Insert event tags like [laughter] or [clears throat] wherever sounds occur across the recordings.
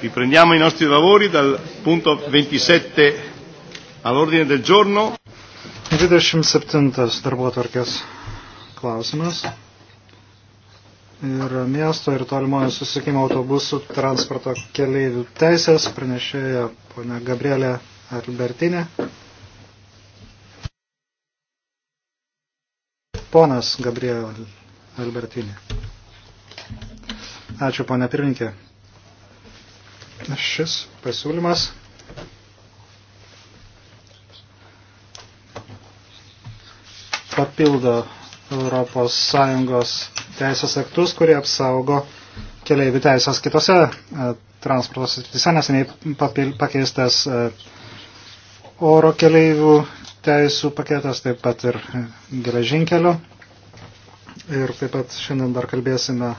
Riprendiamo i nostri lavori dal punto 27 all'ordine del giorno. 27 darbotvarkės klausimas. Ir miesto ir tolimojo susikimo autobusų transporto keleivių teisės pranešėja ponia Gabrielė Albertinė. Ponas Gabrielė Albertinė. Ačiū, ponia pirminkė. Šis pasiūlymas papildo ES teisės aktus, kurie apsaugo keliaivių teisės kitose e, transporto srityse, neseniai pakeistas e, oro keliaivių teisų paketas, taip pat ir e, geležinkelio. Ir taip pat šiandien dar kalbėsime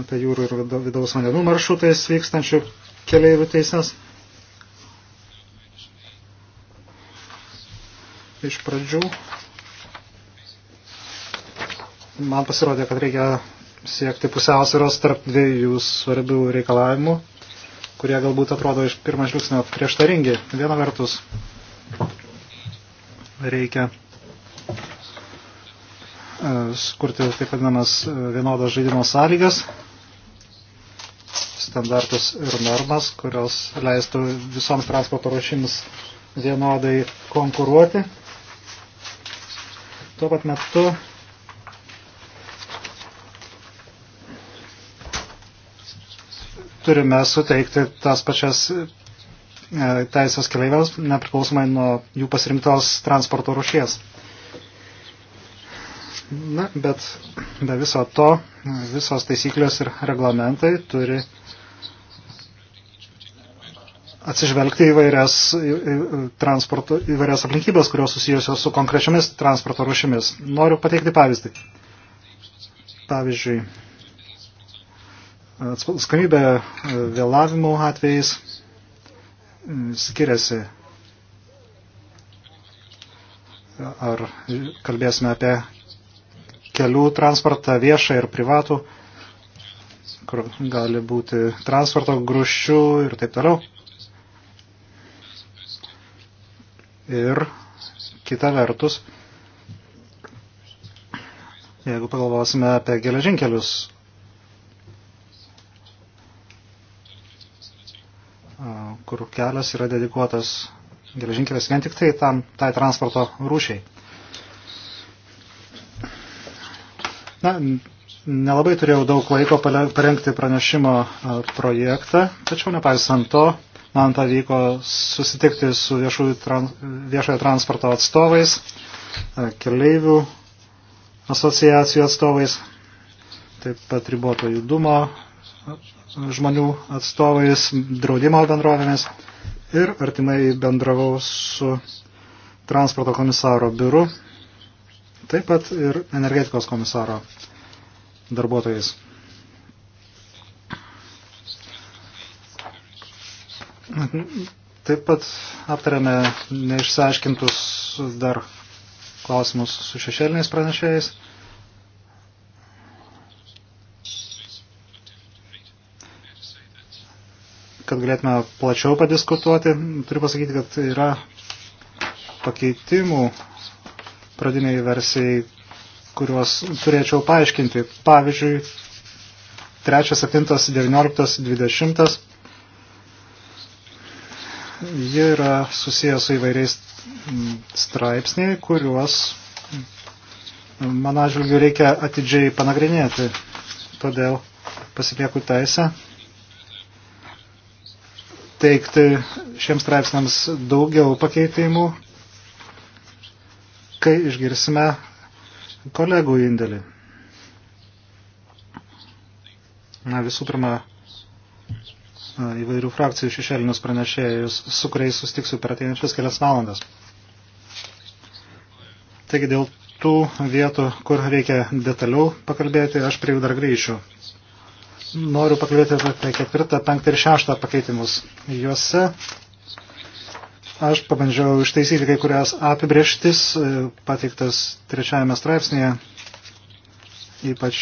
apie jūrų ir vidaus vandenų maršrutais vykstančių keliaivių teises. Iš pradžių man pasirodė, kad reikia siekti pusiausvėros tarp dviejų svarbių reikalavimų, kurie galbūt atrodo iš pirmo žvilgsnio prieštaringi. Viena vertus reikia e, skurti taip vadinamas e, vienodas žaidimo sąlygas standartus ir normas, kurios leistų visoms transporto rušims vienodai konkuruoti. Tuo pat metu turime suteikti tas pačias e, teisės keleiviams, nepriklausomai nuo jų pasirinktos transporto rušies. Na, bet be viso to, visos taisyklės ir reglamentai turi atsižvelgti įvairias, transporto, įvairias aplinkybės, kurios susijusios su konkrečiomis transporto rušimis. Noriu pateikti pavyzdį. Pavyzdžiui, atskamybė e, vėlavimų atvejais e, skiriasi. Ar kalbėsime apie kelių transportą viešą ir privatų, kur gali būti transporto gruščių ir taip toliau. Ir kita vertus, jeigu pagalvosime apie geležinkelius, kur kelias yra dedikuotas geležinkelis vien tik tai tam, tai transporto rūšiai. Na, nelabai turėjau daug laiko parengti pranešimo projektą, tačiau nepaisant to, man pavyko susitikti su trans, viešojo transporto atstovais, keleivių asociacijų atstovais, taip pat riboto judumo žmonių atstovais, draudimo bendrovėmis ir artimai bendravau su transporto komisaro biuru taip pat ir energetikos komisaro darbuotojais. Taip pat aptarėme neišsiaiškintus dar klausimus su šešėliniais pranešėjais. Kad galėtume plačiau padiskutuoti, turiu pasakyti, kad yra pakeitimų pradiniai versijai, kuriuos turėčiau paaiškinti. Pavyzdžiui, 3, 7, 19, 20. Jie yra susijęs su įvairiais mm, straipsniai, kuriuos, man atžvilgiu, reikia atidžiai panagrinėti. Todėl pasilieku teisę teikti šiems straipsniams daugiau pakeitimų, kai išgirsime kolegų indėlį. Na, visų pirma, įvairių frakcijų šešėlinius pranešėjus, su kuriais sustiksiu per ateinančias kelias valandas. Taigi dėl tų vietų, kur reikia detaliau pakalbėti, aš prie jų dar grįšiu. Noriu pakalbėti apie ketvirtą, penktą ir šeštą pakeitimus. Juose Aš pabandžiau ištaisyti kai kurias apibrieštis e, pateiktas trečiajame straipsnėje, ypač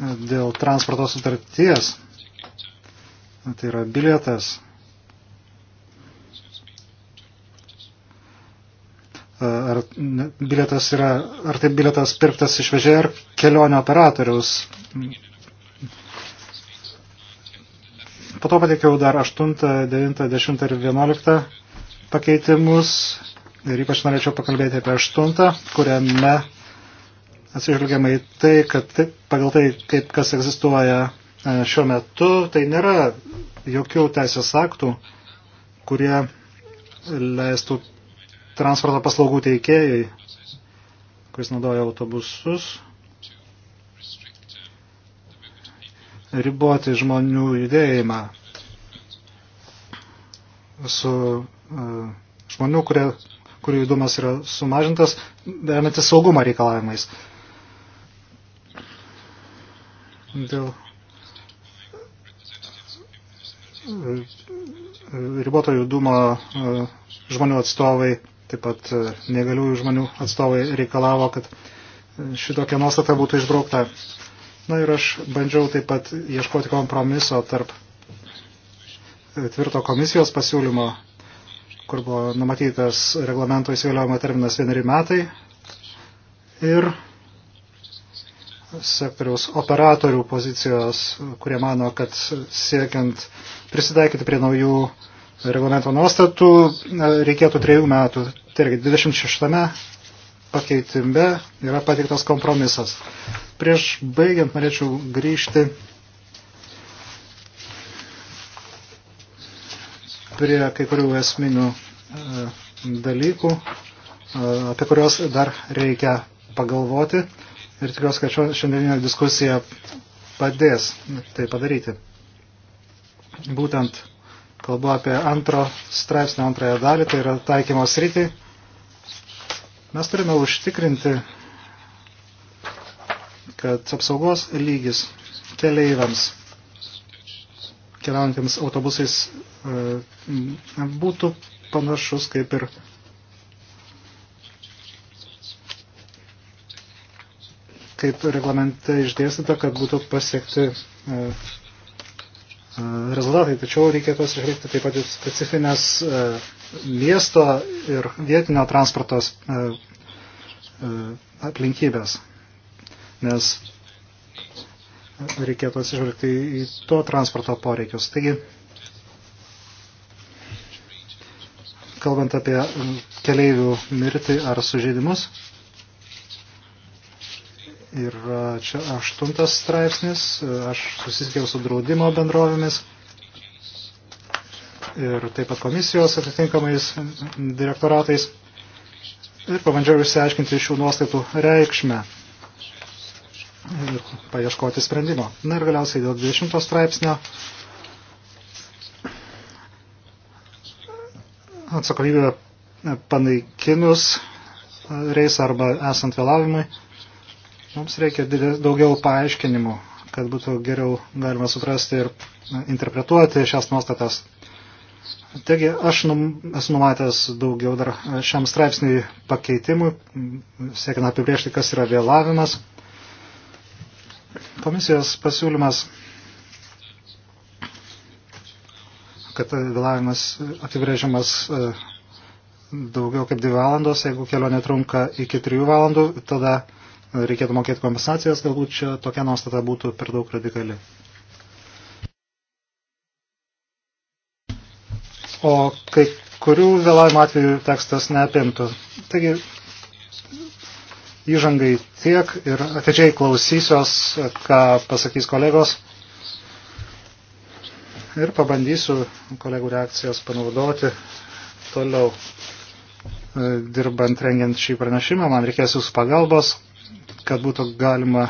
e, dėl transporto sutarties. Tai yra bilietas. E, ar bilietas yra, ar tai bilietas pirktas iš vežėjo ar kelionio operatoriaus. Po to pateikiau dar 8, 9, 10 ir 11 pakeitimus ir ypač norėčiau pakalbėti apie aštuntą, kuriame atsižvelgiama į tai, kad taip, pagal tai, kaip kas egzistuoja e, šiuo metu, tai nėra jokių teisės aktų, kurie leistų transporto paslaugų teikėjai, kuris naudoja autobusus, riboti žmonių judėjimą su E, žmonių, kurie, kurių judumas yra sumažintas, remiantis saugumo reikalavimais. Dėl e, riboto judumo e, žmonių atstovai, taip pat negaliųjų žmonių atstovai reikalavo, kad šitokia nuostata būtų išbraukta. Na ir aš bandžiau taip pat ieškoti kompromiso tarp tvirto komisijos pasiūlymo kur buvo numatytas reglamento įsigaliojimo terminas vieneri metai. Ir sektoriaus operatorių pozicijos, kurie mano, kad siekiant prisitaikyti prie naujų reglamento nuostatų reikėtų trejų metų. Tai irgi 26 pakeitime yra pateiktas kompromisas. Prieš baigiant norėčiau grįžti prie kai kurių esminių e, dalykų, e, apie kuriuos dar reikia pagalvoti ir tikiuosi, kad šiandieninė diskusija padės tai padaryti. Būtent kalbu apie antro straipsnio antrąją dalį, tai yra taikymos rytį. Mes turime užtikrinti, kad apsaugos lygis keleiviams keliaujantiems autobusais e, būtų panašus kaip ir kaip reglamente išdėstyta, kad būtų pasiekti e, e, rezultatai. Tačiau reikėtų atsižvelgti taip pat ir specifines miesto ir vietinio transportos aplinkybės. Nes reikėtų atsižvelgti į to transporto poreikius. Taigi, kalbant apie keleivių mirtį ar sužeidimus, ir čia aštuntas straipsnis, aš susisiekiau su draudimo bendrovėmis ir taip pat komisijos atitinkamais direktoratais ir pabandžiau išsiaiškinti šių nuostatų reikšmę ir paieškoti sprendimo. Na ir galiausiai dėl 20 straipsnio atsakomybė panaikinus reisą arba esant vėlavimui, mums reikia daugiau paaiškinimų, kad būtų geriau galima suprasti ir interpretuoti šias nuostatas. Taigi aš num, esu numatęs daugiau dar šiam straipsniui pakeitimų, siekiant apibriežti, kas yra vėlavimas. Komisijos pasiūlymas, kad vėlavimas apibrėžiamas e, daugiau kaip 2 valandos, jeigu kelionė trunka iki 3 valandų, tada reikėtų mokėti kompensacijas, galbūt čia tokia nuostata būtų per daug radikali. O kai kurių vėlavimo atveju tekstas neapimtų. Taigi, įžangai tiek ir atidžiai klausysios, ką pasakys kolegos. Ir pabandysiu kolegų reakcijas panaudoti toliau e, dirbant rengiant šį pranešimą. Man reikės jūsų pagalbos, kad būtų galima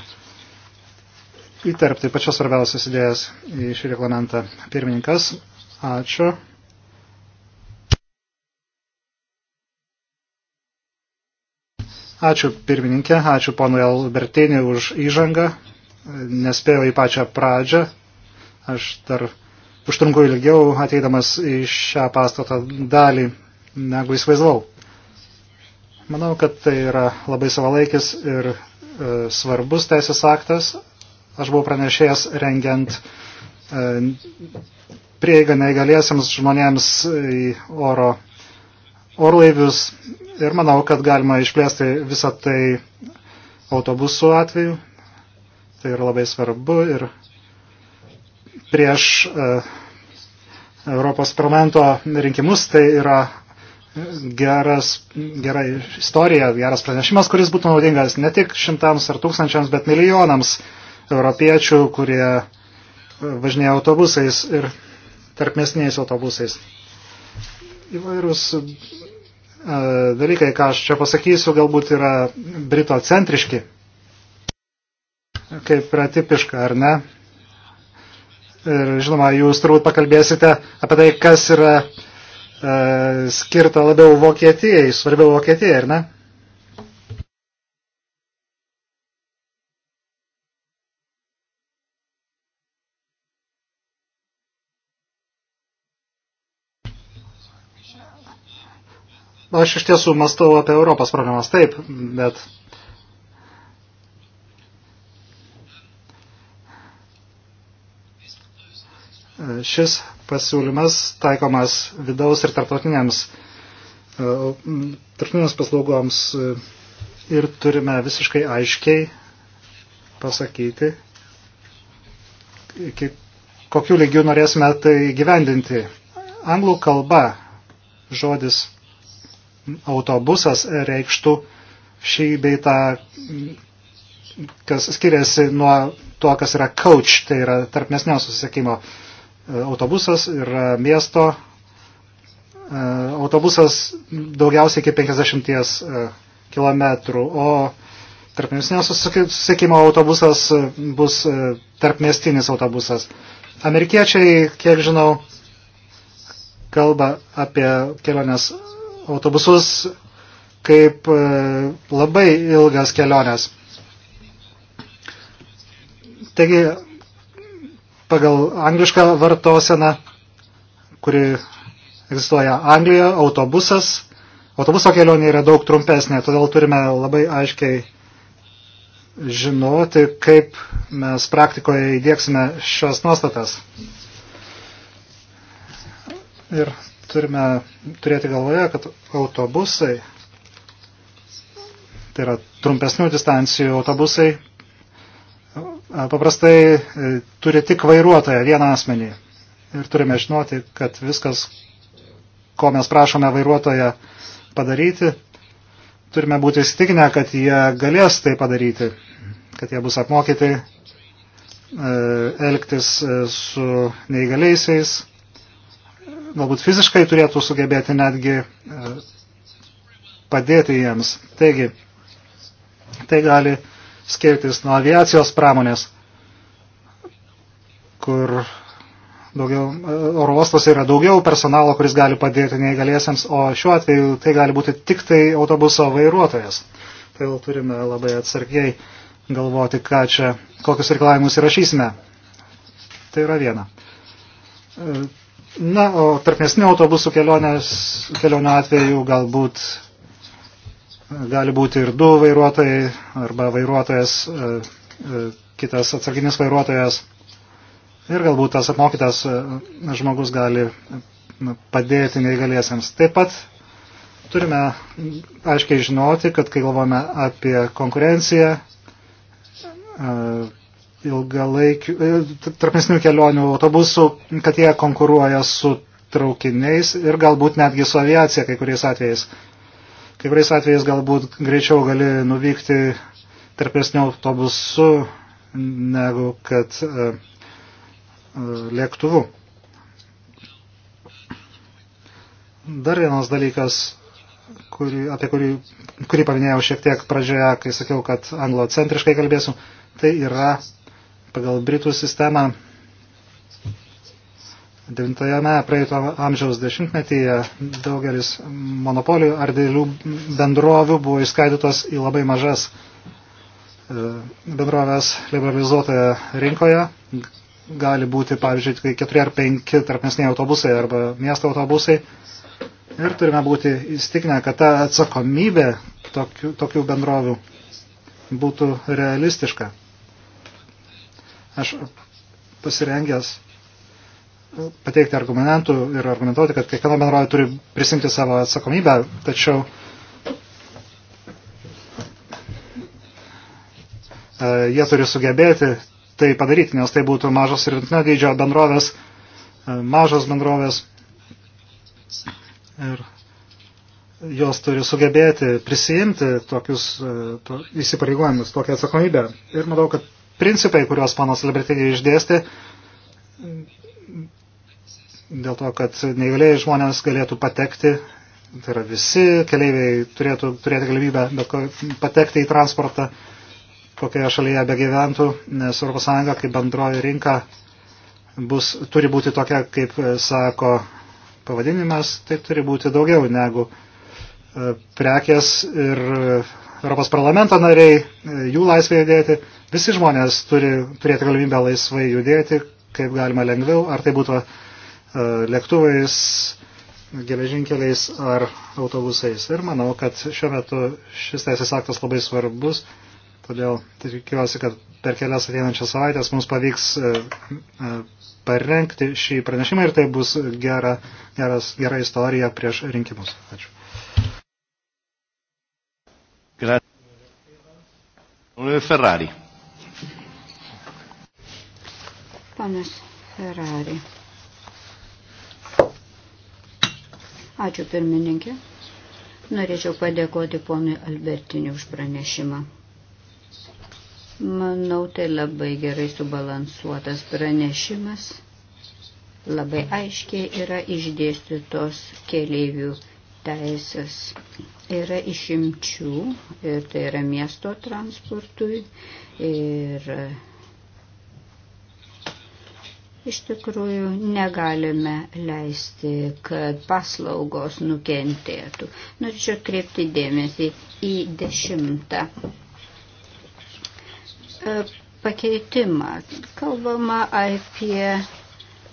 įterpti pačias svarbiausias idėjas į šį reglamentą. Pirmininkas, ačiū. Ačiū pirmininkė, ačiū ponui Albertinį už įžangą. Nespėjau į pačią pradžią. Aš dar užtrunku ilgiau ateidamas į šią pastato dalį, negu įsivaizdavau. Manau, kad tai yra labai savalaikis ir e, svarbus teisės aktas. Aš buvau pranešėjęs rengiant e, prieigą neįgaliesiams žmonėms į oro orlaivius ir manau, kad galima išplėsti visą tai autobusų atveju. Tai yra labai svarbu ir prieš uh, Europos parlamento rinkimus tai yra geras, gera istorija, geras pranešimas, kuris būtų naudingas ne tik šimtams ar tūkstančiams, bet milijonams europiečių, kurie važinėja autobusais ir tarpmesniais autobusais. Įvairūs E, dalykai, ką aš čia pasakysiu, galbūt yra britocentriški, kaip yra tipiška, ar ne? Ir žinoma, jūs turbūt pakalbėsite apie tai, kas yra e, skirta labiau Vokietijai, svarbiau Vokietijai, ar ne? Aš iš tiesų mastau apie Europos problemas, taip, bet šis pasiūlymas taikomas vidaus ir tarptautinėms e, tarptautinėms paslaugoms e, ir turime visiškai aiškiai pasakyti, iki kokių lygių norėsime tai gyvendinti. Anglų kalba žodis autobusas reikštų šį beitą, kas skiriasi nuo to, kas yra coach, tai yra tarpmesnio susisiekimo e, autobusas ir e, miesto e, autobusas daugiausiai iki 50 km, o tarpmesnio susisiekimo autobusas bus tarpmestinis autobusas. Amerikiečiai, kiek žinau, kalba apie keliones autobusus kaip e, labai ilgas keliones. Taigi, pagal anglišką vartoseną, kuri egzistuoja Anglijoje, autobusas, autobuso kelionė yra daug trumpesnė, todėl turime labai aiškiai žinoti, kaip mes praktikoje įdėksime šios nuostatas. Ir turime turėti galvoje, kad autobusai, tai yra trumpesnių distancijų autobusai, paprastai e, turi tik vairuotoją, vieną asmenį. Ir turime žinoti, kad viskas, ko mes prašome vairuotoją padaryti, turime būti įsitikinę, kad jie galės tai padaryti, kad jie bus apmokyti e, elgtis e, su neįgaliaisiais galbūt fiziškai turėtų sugebėti netgi e, padėti jiems. Taigi, tai gali skirtis nuo aviacijos pramonės, kur daugiau, e, oro uostose yra daugiau personalo, kuris gali padėti neįgaliesiams, o šiuo atveju tai gali būti tik tai autobuso vairuotojas. Tai jau turime labai atsargiai galvoti, ką čia, kokius reikalavimus įrašysime. Tai yra viena. E, Na, o tarpmesnių autobusų kelionės, kelionio atveju galbūt e, gali būti ir du vairuotojai arba vairuotojas, e, e, kitas atsarginis vairuotojas. Ir galbūt tas apmokytas žmogus gali padėti neįgaliesiems. Taip pat turime aiškiai žinoti, kad kai galvome apie konkurenciją, ilgalaikių, e, tarpmestinių kelionių autobusų, kad jie konkuruoja su traukiniais ir galbūt netgi su aviacija kai kuriais atvejais. Kai kuriais atvejais galbūt greičiau gali nuvykti tarpesnių autobusų negu kad e, e, lėktuvu. Dar vienas dalykas, kurį, apie kurį, kurį paminėjau šiek tiek pradžioje, kai sakiau, kad anglocentriškai kalbėsiu, tai yra Pagal Britų sistemą 9-ame praeito amžiaus dešimtmetyje daugelis monopolijų ar dėlių bendrovių buvo išskaidytos į labai mažas e, bendrovės liberalizuotoje rinkoje. Gali būti, pavyzdžiui, 4 ar 5 tarpmesniai autobusai arba miesto autobusai. Ir turime būti įstikinę, kad ta atsakomybė tokių, tokių bendrovių būtų realistiška. Aš pasirengęs pateikti argumentų ir argumentuoti, kad kiekviena bendrovė turi prisimti savo atsakomybę, tačiau e, jie turi sugebėti tai padaryti, nes tai būtų mažos ir vidutinio dydžio bendrovės, e, mažos bendrovės ir jos turi sugebėti prisijimti tokius e, to, įsipareigojimus, tokią atsakomybę. Ir manau, kad principai, kuriuos panas Libertinė išdėstė, dėl to, kad neįgalėjai žmonės galėtų patekti, tai yra visi keleiviai turėtų turėti galimybę ko, patekti į transportą, kokioje šalyje begyventų, nes ES kaip bendroji rinka bus, turi būti tokia, kaip sako pavadinimas, tai turi būti daugiau negu e, prekės ir Europos parlamento nariai, e, jų laisvai judėti. Visi žmonės turi turėti galimybę laisvai judėti, kaip galima lengviau, ar tai būtų e, lėktuvais, geležinkeliais ar autobusais. Ir manau, kad šiuo metu šis teisės aktas labai svarbus, todėl tikiuosi, kad per kelias ateinančias savaitės mums pavyks e, parengti šį pranešimą ir tai bus gera, geras, gera istorija prieš rinkimus. Ačiū. Grazie. Ferrari. Panas Ferrari. Ačiū pirmininkė. Norėčiau padėkoti ponui Albertiniu už pranešimą. Manau, tai labai gerai subalansuotas pranešimas. Labai aiškiai yra išdėstytos keliaivių teisės. Yra išimčių ir tai yra miesto transportui ir iš tikrųjų negalime leisti, kad paslaugos nukentėtų. Norėčiau kreipti dėmesį į dešimtą e, pakeitimą. Kalbama apie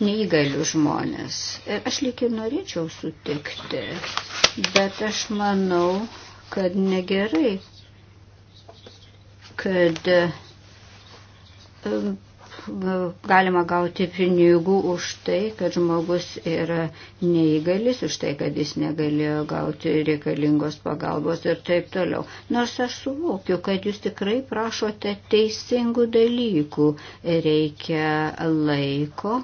neįgalių žmonės. Ir aš lyg ir norėčiau sutikti, bet aš manau, kad negerai, kad um, galima gauti pinigų už tai, kad žmogus yra neįgalis, už tai, kad jis negalėjo gauti reikalingos pagalbos ir taip toliau. Nors aš suvokiu, kad jūs tikrai prašote teisingų dalykų, reikia laiko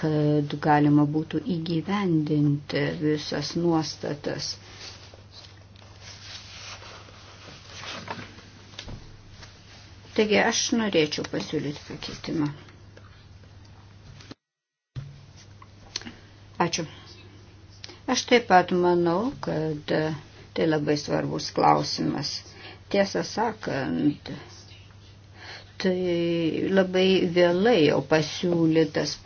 kad galima būtų įgyvendinti visas nuostatas. Taigi aš norėčiau pasiūlyti pakeitimą. Ačiū. Aš taip pat manau, kad tai labai svarbus klausimas. Tiesą sakant, tai labai vėlai jau pasiūlytas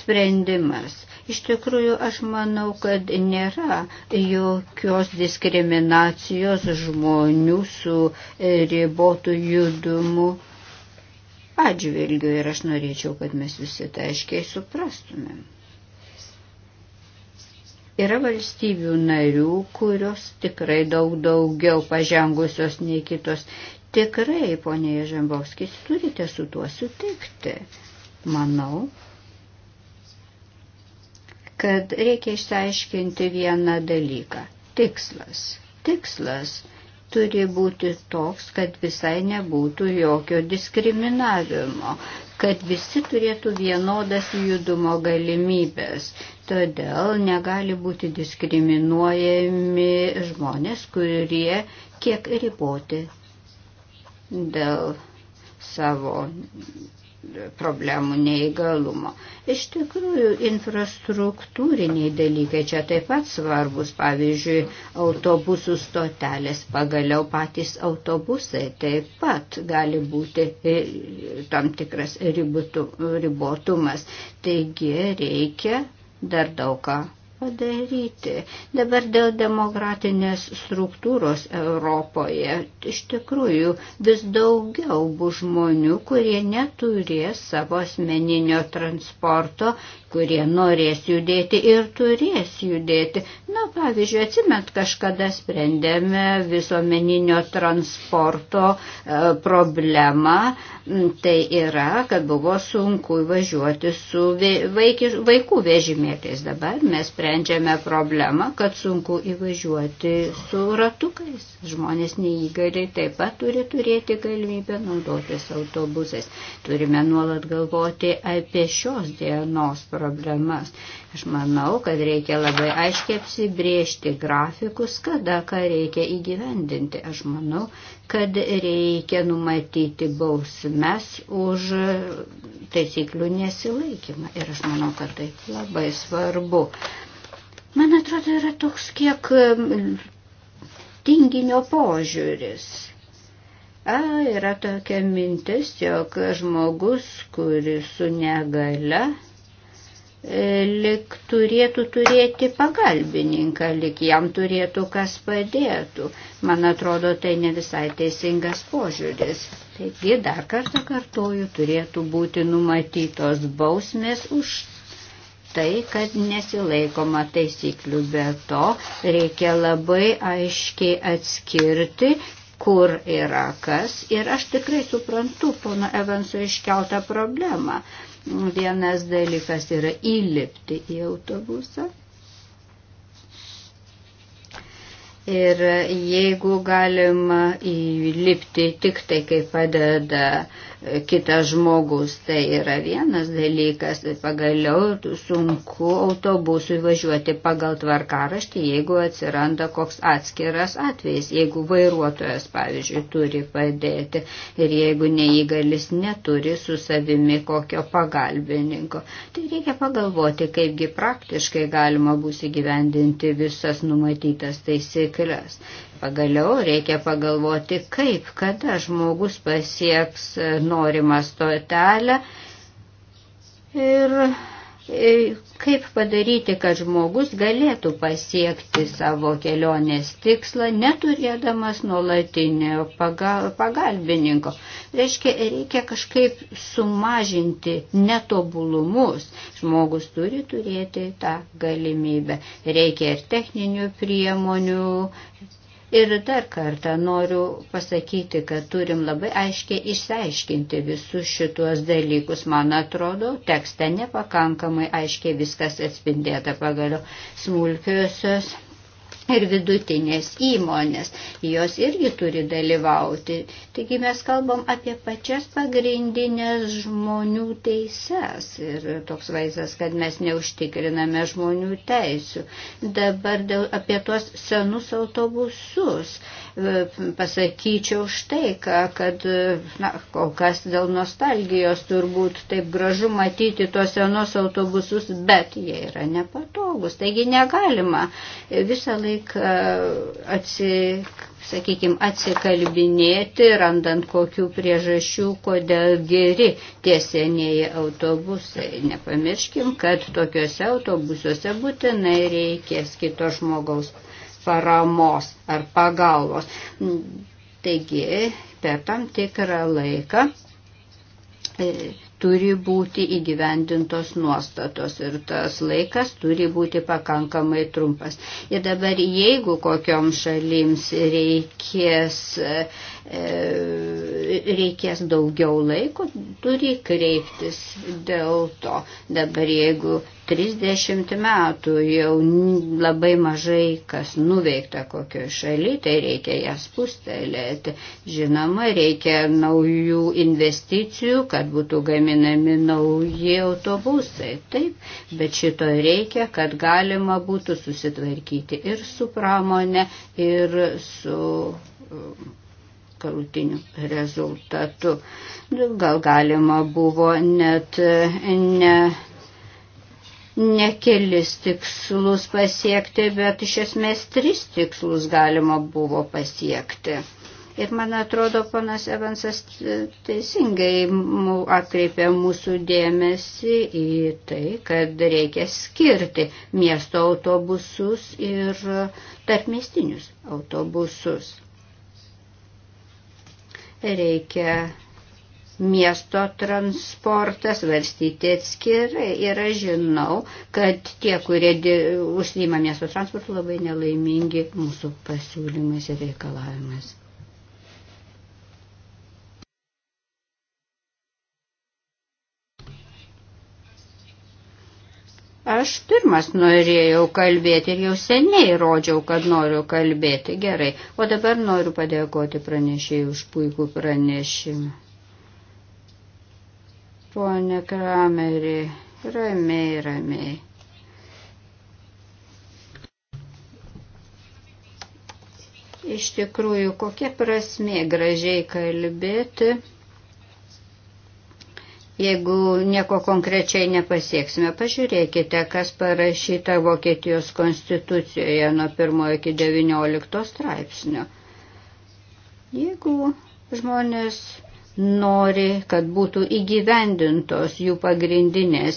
sprendimas. Iš tikrųjų, aš manau, kad nėra jokios diskriminacijos žmonių su e, ribotų judumu atžvilgiu ir aš norėčiau, kad mes visi tai aiškiai suprastumėm. Yra valstybių narių, kurios tikrai daug daugiau pažengusios nei kitos. Tikrai, ponė Žembovskis, turite su tuo sutikti. Manau, kad reikia išsiaiškinti vieną dalyką. Tikslas. Tikslas turi būti toks, kad visai nebūtų jokio diskriminavimo, kad visi turėtų vienodas judumo galimybės. Todėl negali būti diskriminuojami žmonės, kurie kiek riboti dėl savo problemų neįgalumo. Iš tikrųjų, infrastruktūriniai dalykai čia taip pat svarbus, pavyzdžiui, autobusų stotelės, pagaliau patys autobusai taip pat gali būti e, tam tikras ribotumas. Taigi reikia dar daug ką padaryti. Dabar dėl demokratinės struktūros Europoje iš tikrųjų vis daugiau bus žmonių, kurie neturės savo asmeninio transporto, kurie norės judėti ir turės judėti. Na, pavyzdžiui, atsimet kažkada sprendėme visuomeninio transporto e, problemą. Tai yra, kad buvo sunku važiuoti su vaikis, vaikų vežimėtais. Dabar mes sprendėme sprendžiame problemą, kad sunku įvažiuoti su ratukais. Žmonės neįgaliai taip pat turi turėti galimybę naudotis autobusais. Turime nuolat galvoti apie šios dienos problemas. Aš manau, kad reikia labai aiškiai apsibriežti grafikus, kada ką reikia įgyvendinti. Aš manau, kad reikia numatyti bausmes už taisyklių nesilaikymą. Ir aš manau, kad tai labai svarbu man atrodo, yra toks kiek tinginio požiūris. A, yra tokia mintis, jog žmogus, kuris su negale, lik turėtų turėti pagalbininką, lik jam turėtų kas padėtų. Man atrodo, tai ne visai teisingas požiūris. Taigi, dar kartą kartoju, turėtų būti numatytos bausmės už tai, kad nesilaikoma taisyklių, bet to reikia labai aiškiai atskirti, kur yra kas. Ir aš tikrai suprantu pono Evanso iškeltą problemą. Vienas dalykas yra įlipti į autobusą. Ir jeigu galima įlipti tik tai, kai padeda uh, kitas žmogus. Tai yra vienas dalykas. Tai pagaliau sunku autobusui važiuoti pagal tvarkaraštį, jeigu atsiranda koks atskiras atvejis. Jeigu vairuotojas, pavyzdžiui, turi padėti ir jeigu neįgalis neturi su savimi kokio pagalbininko, tai reikia pagalvoti, kaipgi praktiškai galima bus įgyvendinti visas numatytas taisyklės. Pagaliau reikia pagalvoti, kaip, kada žmogus pasieks norimą stotelę ir e, kaip padaryti, kad žmogus galėtų pasiekti savo kelionės tikslą, neturėdamas nuolatinio pagalbininko. Reiškia, reikia kažkaip sumažinti netobulumus. Žmogus turi turėti tą galimybę. Reikia ir techninių priemonių, Ir dar kartą noriu pasakyti, kad turim labai aiškiai išsiaiškinti visus šituos dalykus. Man atrodo, tekste nepakankamai aiškiai viskas atspindėta pagaliau smulkiosios ir vidutinės įmonės. Jos irgi turi dalyvauti. Taigi mes kalbam apie pačias pagrindinės žmonių teises. Ir toks vaizdas, kad mes neužtikriname žmonių teisų. Dabar dėl, apie tuos senus autobusus e, pasakyčiau štai, ką, kad e, na, kol kas dėl nostalgijos turbūt taip gražu matyti tuos senus autobusus, bet jie yra nepatogus. Taigi negalima visą laiką tik, e, atsi, sakykime, atsikalbinėti, randant kokių priežasčių, kodėl geri tie senieji autobusai. Nepamirškim, kad tokiuose autobusuose būtinai reikės kito žmogaus paramos ar pagalbos. Taigi, per tam tikrą laiką e, turi būti įgyvendintos nuostatos ir tas laikas turi būti pakankamai trumpas. Ir dabar jeigu kokiom šalims reikės E, reikės daugiau laiko, turi kreiptis dėl to. Dabar jeigu 30 metų jau labai mažai kas nuveikta kokioje šalyje, tai reikia jas pustelėti. Žinoma, reikia naujų investicijų, kad būtų gaminami nauji autobusai. Taip, bet šito reikia, kad galima būtų susitvarkyti ir su pramonė, ir su galutiniu rezultatu. Gal galima buvo net e, ne, ne kelis tikslus pasiekti, bet iš esmės tris tikslus galima buvo pasiekti. Ir man atrodo, panas Evansas e, teisingai atkreipė mūsų dėmesį į tai, kad reikia skirti miesto autobusus ir tarpmestinius autobusus reikia miesto transportas varstyti atskirai. Ir aš žinau, kad tie, kurie užsima miesto transportu, labai nelaimingi mūsų pasiūlymais ir reikalavimais. Aš pirmas norėjau kalbėti ir jau seniai rodžiau, kad noriu kalbėti. Gerai. O dabar noriu padėkoti pranešėjai už puikų pranešimą. Pone Kramerį, ramiai, ramiai. Iš tikrųjų, kokia prasmė gražiai kalbėti jeigu nieko konkrečiai nepasieksime. Pažiūrėkite, kas parašyta Vokietijos konstitucijoje nuo 1 iki 19 straipsnio. Jeigu žmonės nori, kad būtų įgyvendintos jų pagrindinės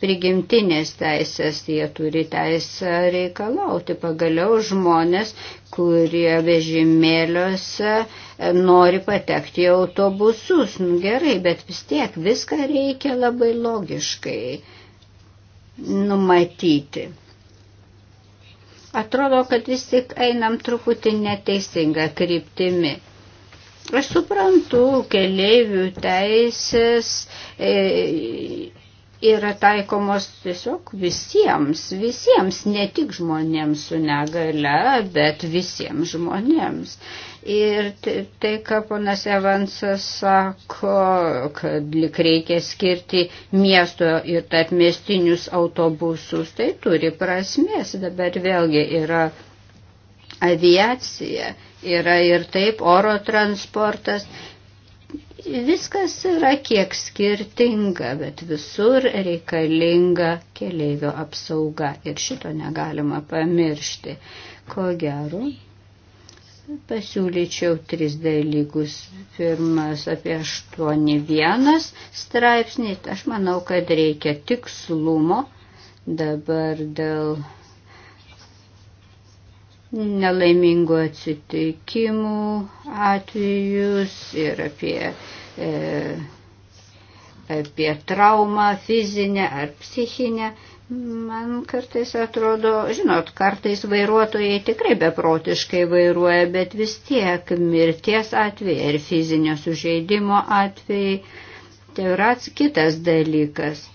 prigimtinės teisės, jie turi teisę reikalauti. Pagaliau žmonės, kurie vežimėliuose e, nori patekti į autobusus. Nu, gerai, bet vis tiek viską reikia labai logiškai numatyti. Atrodo, kad vis tik einam truputį neteisingą kryptimi. Aš suprantu, keleivių teisės e, yra taikomos tiesiog visiems, visiems, ne tik žmonėms su negale, bet visiems žmonėms. Ir tai, ką ponas Evansas sako, kad lik reikia skirti miesto ir tarp miestinius autobusus, tai turi prasmės. Dabar vėlgi yra aviacija, yra ir taip oro transportas. Viskas yra kiek skirtinga, bet visur reikalinga keleivio apsauga ir šito negalima pamiršti. Ko gero, pasiūlyčiau tris dalykus. Pirmas apie 8.1 straipsnį. Aš manau, kad reikia tikslumo dabar dėl nelaimingų atsitikimų atvejus ir apie, e, apie traumą fizinę ar psichinę. Man kartais atrodo, žinot, kartais vairuotojai tikrai beprotiškai vairuoja, bet vis tiek mirties atvejai ir fizinio sužeidimo atvejai. Tai yra kitas dalykas.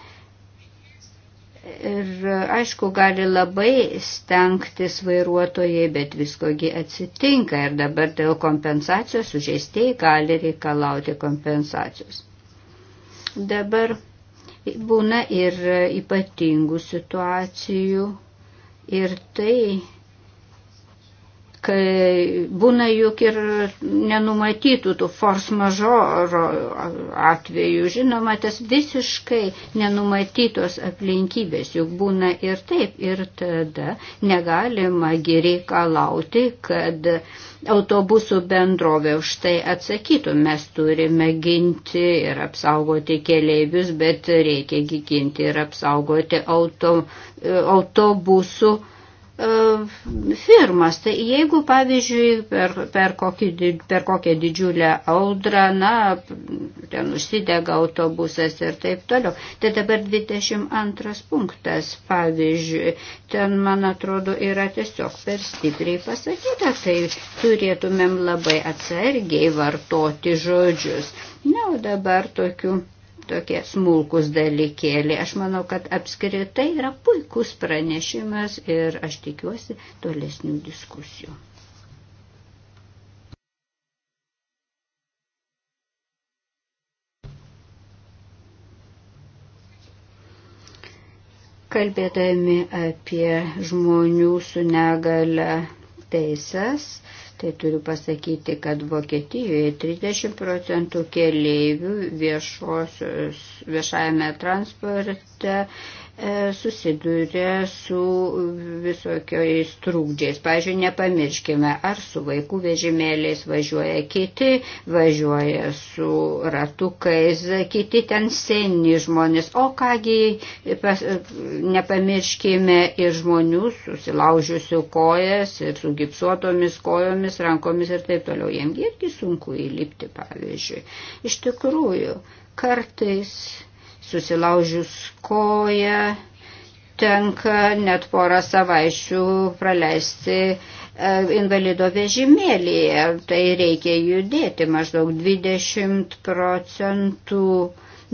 Ir aišku, gali labai stengtis vairuotojai, bet viskogi atsitinka ir dabar dėl kompensacijos sužeistėjai gali reikalauti kompensacijos. Dabar būna ir ypatingų situacijų ir tai kai būna juk ir nenumatytų tų force majeure atveju, žinoma, tas visiškai nenumatytos aplinkybės, juk būna ir taip, ir tada negalima geriai kalauti, kad autobusų bendrovė už tai atsakytų, mes turime ginti ir apsaugoti keleivius, bet reikia ginti ir apsaugoti auto, autobusų E, firmas. Tai jeigu, pavyzdžiui, per, per, kokį, per kokią didžiulę audrą, na, ten užsidega autobusas ir taip toliau. Tai dabar 22 punktas, pavyzdžiui, ten, man atrodo, yra tiesiog per stipriai pasakyta, tai turėtumėm labai atsargiai vartoti žodžius. Na, o dabar tokių tokie smulkus dalykėliai. Aš manau, kad apskritai yra puikus pranešimas ir aš tikiuosi tolesnių diskusijų. Kalbėdami apie žmonių su negale teisės, Tai turiu pasakyti, kad Vokietijoje 30 procentų keleivių viešos, viešajame transporte E, susiduria su visokiais trūkdžiais. Pavyzdžiui, nepamirškime, ar su vaikų vežimėliais važiuoja kiti, važiuoja su ratukais, kiti ten seni žmonės. O kągi, pas, nepamirškime ir žmonių susilaužiusių kojas ir su gipsuotomis kojomis, rankomis ir taip toliau. Jiems irgi sunku įlipti, pavyzdžiui. Iš tikrųjų, kartais susilaužius koją tenka net porą savaičių praleisti e, invalido vežimėlėje. Tai reikia judėti maždaug 20 procentų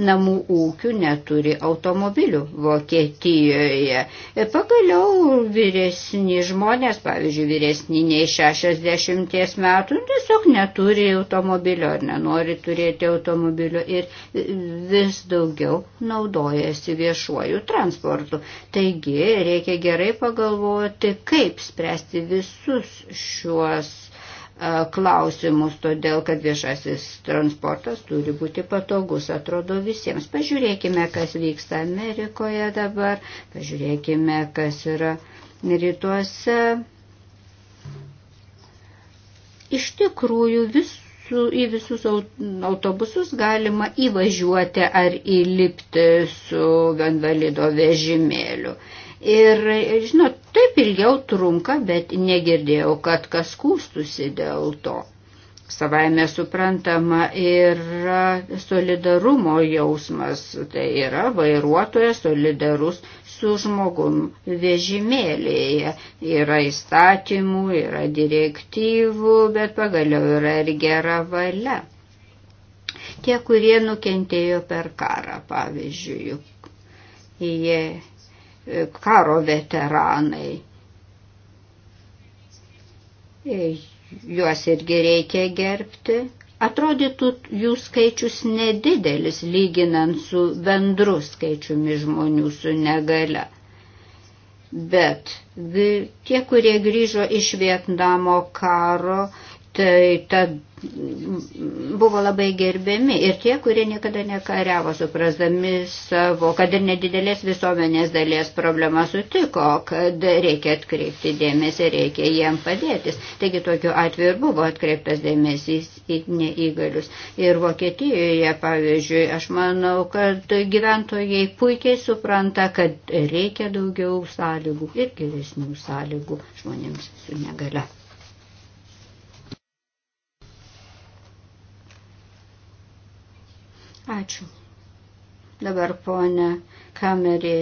namų ūkių neturi automobilių Vokietijoje. Ir e, pagaliau vyresni žmonės, pavyzdžiui, vyresni nei 60 metų, nu, tiesiog neturi automobilio ar nenori turėti automobilio ir vis daugiau naudojasi viešuoju transportu. Taigi reikia gerai pagalvoti, kaip spręsti visus šiuos klausimus, todėl kad viešasis transportas turi būti patogus, atrodo visiems. Pažiūrėkime, kas vyksta Amerikoje dabar, pažiūrėkime, kas yra rytuose. Iš tikrųjų, visų, į visus autobusus galima įvažiuoti ar įlipti su ganvalido vežimėliu. Ir, žinot, Taip ilgiau trunka, bet negirdėjau, kad kas kūstusi dėl to. Savaime suprantama yra solidarumo jausmas, tai yra vairuotojas solidarus su žmogum vežimėlėje. Yra įstatymų, yra direktyvų, bet pagaliau yra ir gera valia. Tie, kurie nukentėjo per karą, pavyzdžiui, jie karo veteranai. Juos irgi reikia gerbti. Atrodytų jų skaičius nedidelis lyginant su bendru skaičiumi žmonių su negale. Bet tie, kurie grįžo iš Vietnamo karo, tai tad buvo labai gerbiami ir tie, kurie niekada nekariavo, suprasdami savo, kad ir nedidelės visuomenės dalies problema sutiko, kad reikia atkreipti dėmesį, reikia jiem padėtis. Taigi tokiu atveju ir buvo atkreiptas dėmesys į neįgalius. Ir Vokietijoje, pavyzdžiui, aš manau, kad gyventojai puikiai supranta, kad reikia daugiau sąlygų ir geresnių sąlygų žmonėms su negale. Ačiū. Dabar, ponė Kamerį,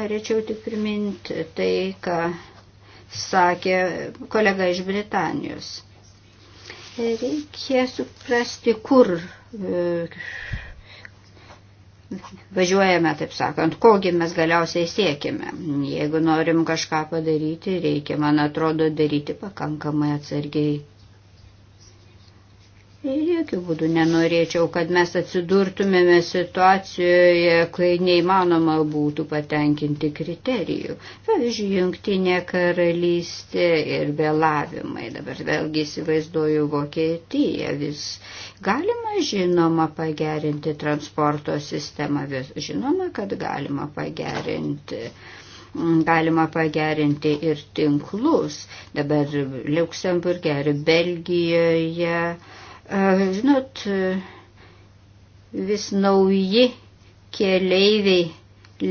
norėčiau tik priminti tai, ką sakė kolega iš Britanijos. Reikia suprasti, kur e, važiuojame, taip sakant, kogi mes galiausiai siekime. Jeigu norim kažką padaryti, reikia, man atrodo, daryti pakankamai atsargiai. Jokių būdų nenorėčiau, kad mes atsidurtumėme situacijoje, kai neįmanoma būtų patenkinti kriterijų. Pavyzdžiui, jungtinė karalystė ir vėlavimai. Dabar vėlgi įsivaizduoju Vokietiją. Vis galima, žinoma, pagerinti transporto sistemą. Vis žinoma, kad galima pagerinti galima pagerinti ir tinklus. Dabar Liuksemburgė ir Belgijoje Žinot, vis nauji keleiviai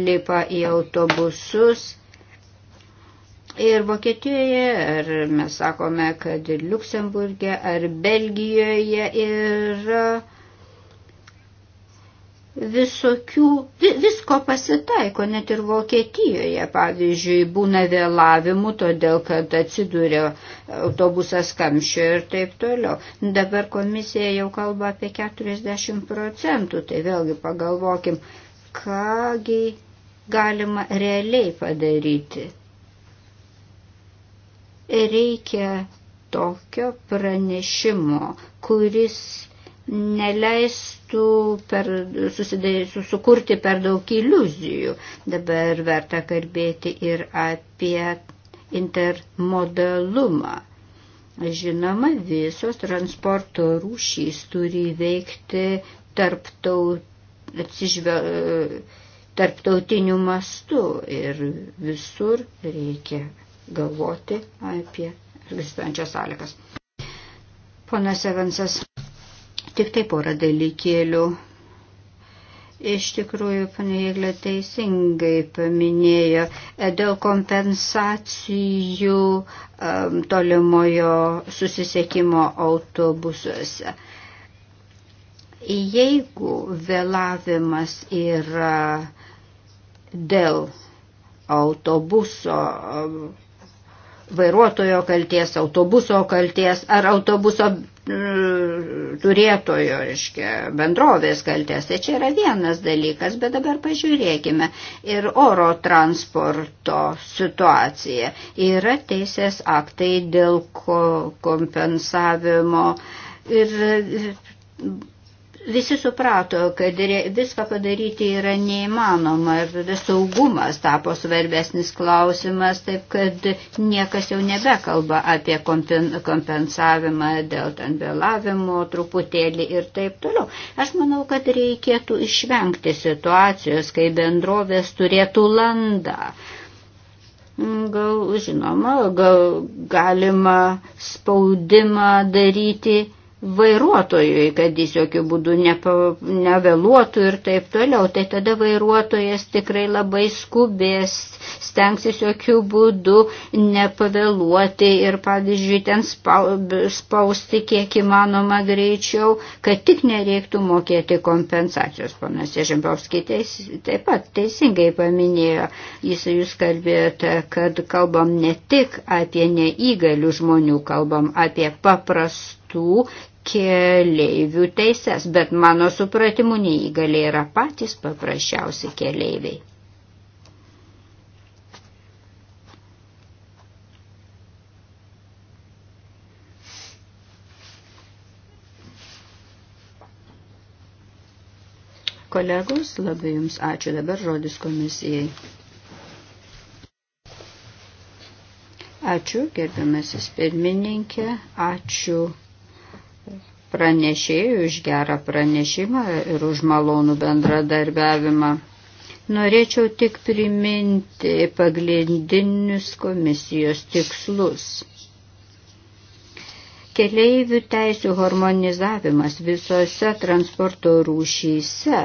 lipa į autobusus. Ir Vokietijoje, ar mes sakome, kad ir Luksemburgė, ar Belgijoje yra. Ir visokių, visko pasitaiko, net ir Vokietijoje, pavyzdžiui, būna vėlavimų, todėl kad atsidūrė autobusas kamščio ir taip toliau. Dabar komisija jau kalba apie 40 procentų, tai vėlgi pagalvokim, kągi galima realiai padaryti. Reikia tokio pranešimo, kuris neleistų per, susidėjus, sukurti per daug iliuzijų. Dabar verta kalbėti ir apie intermodalumą. Žinoma, visos transporto rūšys turi veikti tarptaut, atsižvel, tarptautiniu mastu ir visur reikia galvoti apie egzistuojančias sąlygas. Ponas Evansas. Tik tai porą dalykėlių. Iš tikrųjų, panėglė teisingai paminėjo e, dėl kompensacijų um, tolimojo susisiekimo autobusuose. Jeigu vėlavimas yra dėl autobuso um, vairuotojo kalties, autobuso kalties ar autobuso E, turėtojo, reiškia, bendrovės kaltės. Tai čia yra vienas dalykas, bet dabar pažiūrėkime ir oro transporto situacija. Yra teisės aktai dėl kompensavimo ir Visi suprato, kad viską padaryti yra neįmanoma ir tada saugumas tapo svarbesnis klausimas, taip kad niekas jau nebekalba apie kompensavimą dėl ten vėlavimo truputėlį ir taip toliau. Aš manau, kad reikėtų išvengti situacijos, kai bendrovės turėtų landą. Gal, žinoma, gal galima spaudimą daryti vairuotojui, kad jis jokių būdų nepa, nevėluotų ir taip toliau. Tai tada vairuotojas tikrai labai skubės, stengsis jokių būdų nepavėluoti ir, pavyzdžiui, ten spausti kiek įmanoma greičiau, kad tik nereiktų mokėti kompensacijos. Panas Ježimpovskis teis, taip pat teisingai paminėjo, jis jūs kalbėjote, kad kalbam ne tik apie neįgalių žmonių, kalbam apie paprastų tų keleivių teises, bet mano supratimu neįgaliai yra patys paprasčiausi keleiviai. Kolegos, labai Jums ačiū. Dabar žodis komisijai. Ačiū, gerbiamasis pirmininkė, ačiū pranešėjų už gerą pranešimą ir už malonų bendradarbiavimą. Norėčiau tik priminti pagrindinius komisijos tikslus. Keleivių teisų harmonizavimas visose transporto rūšyse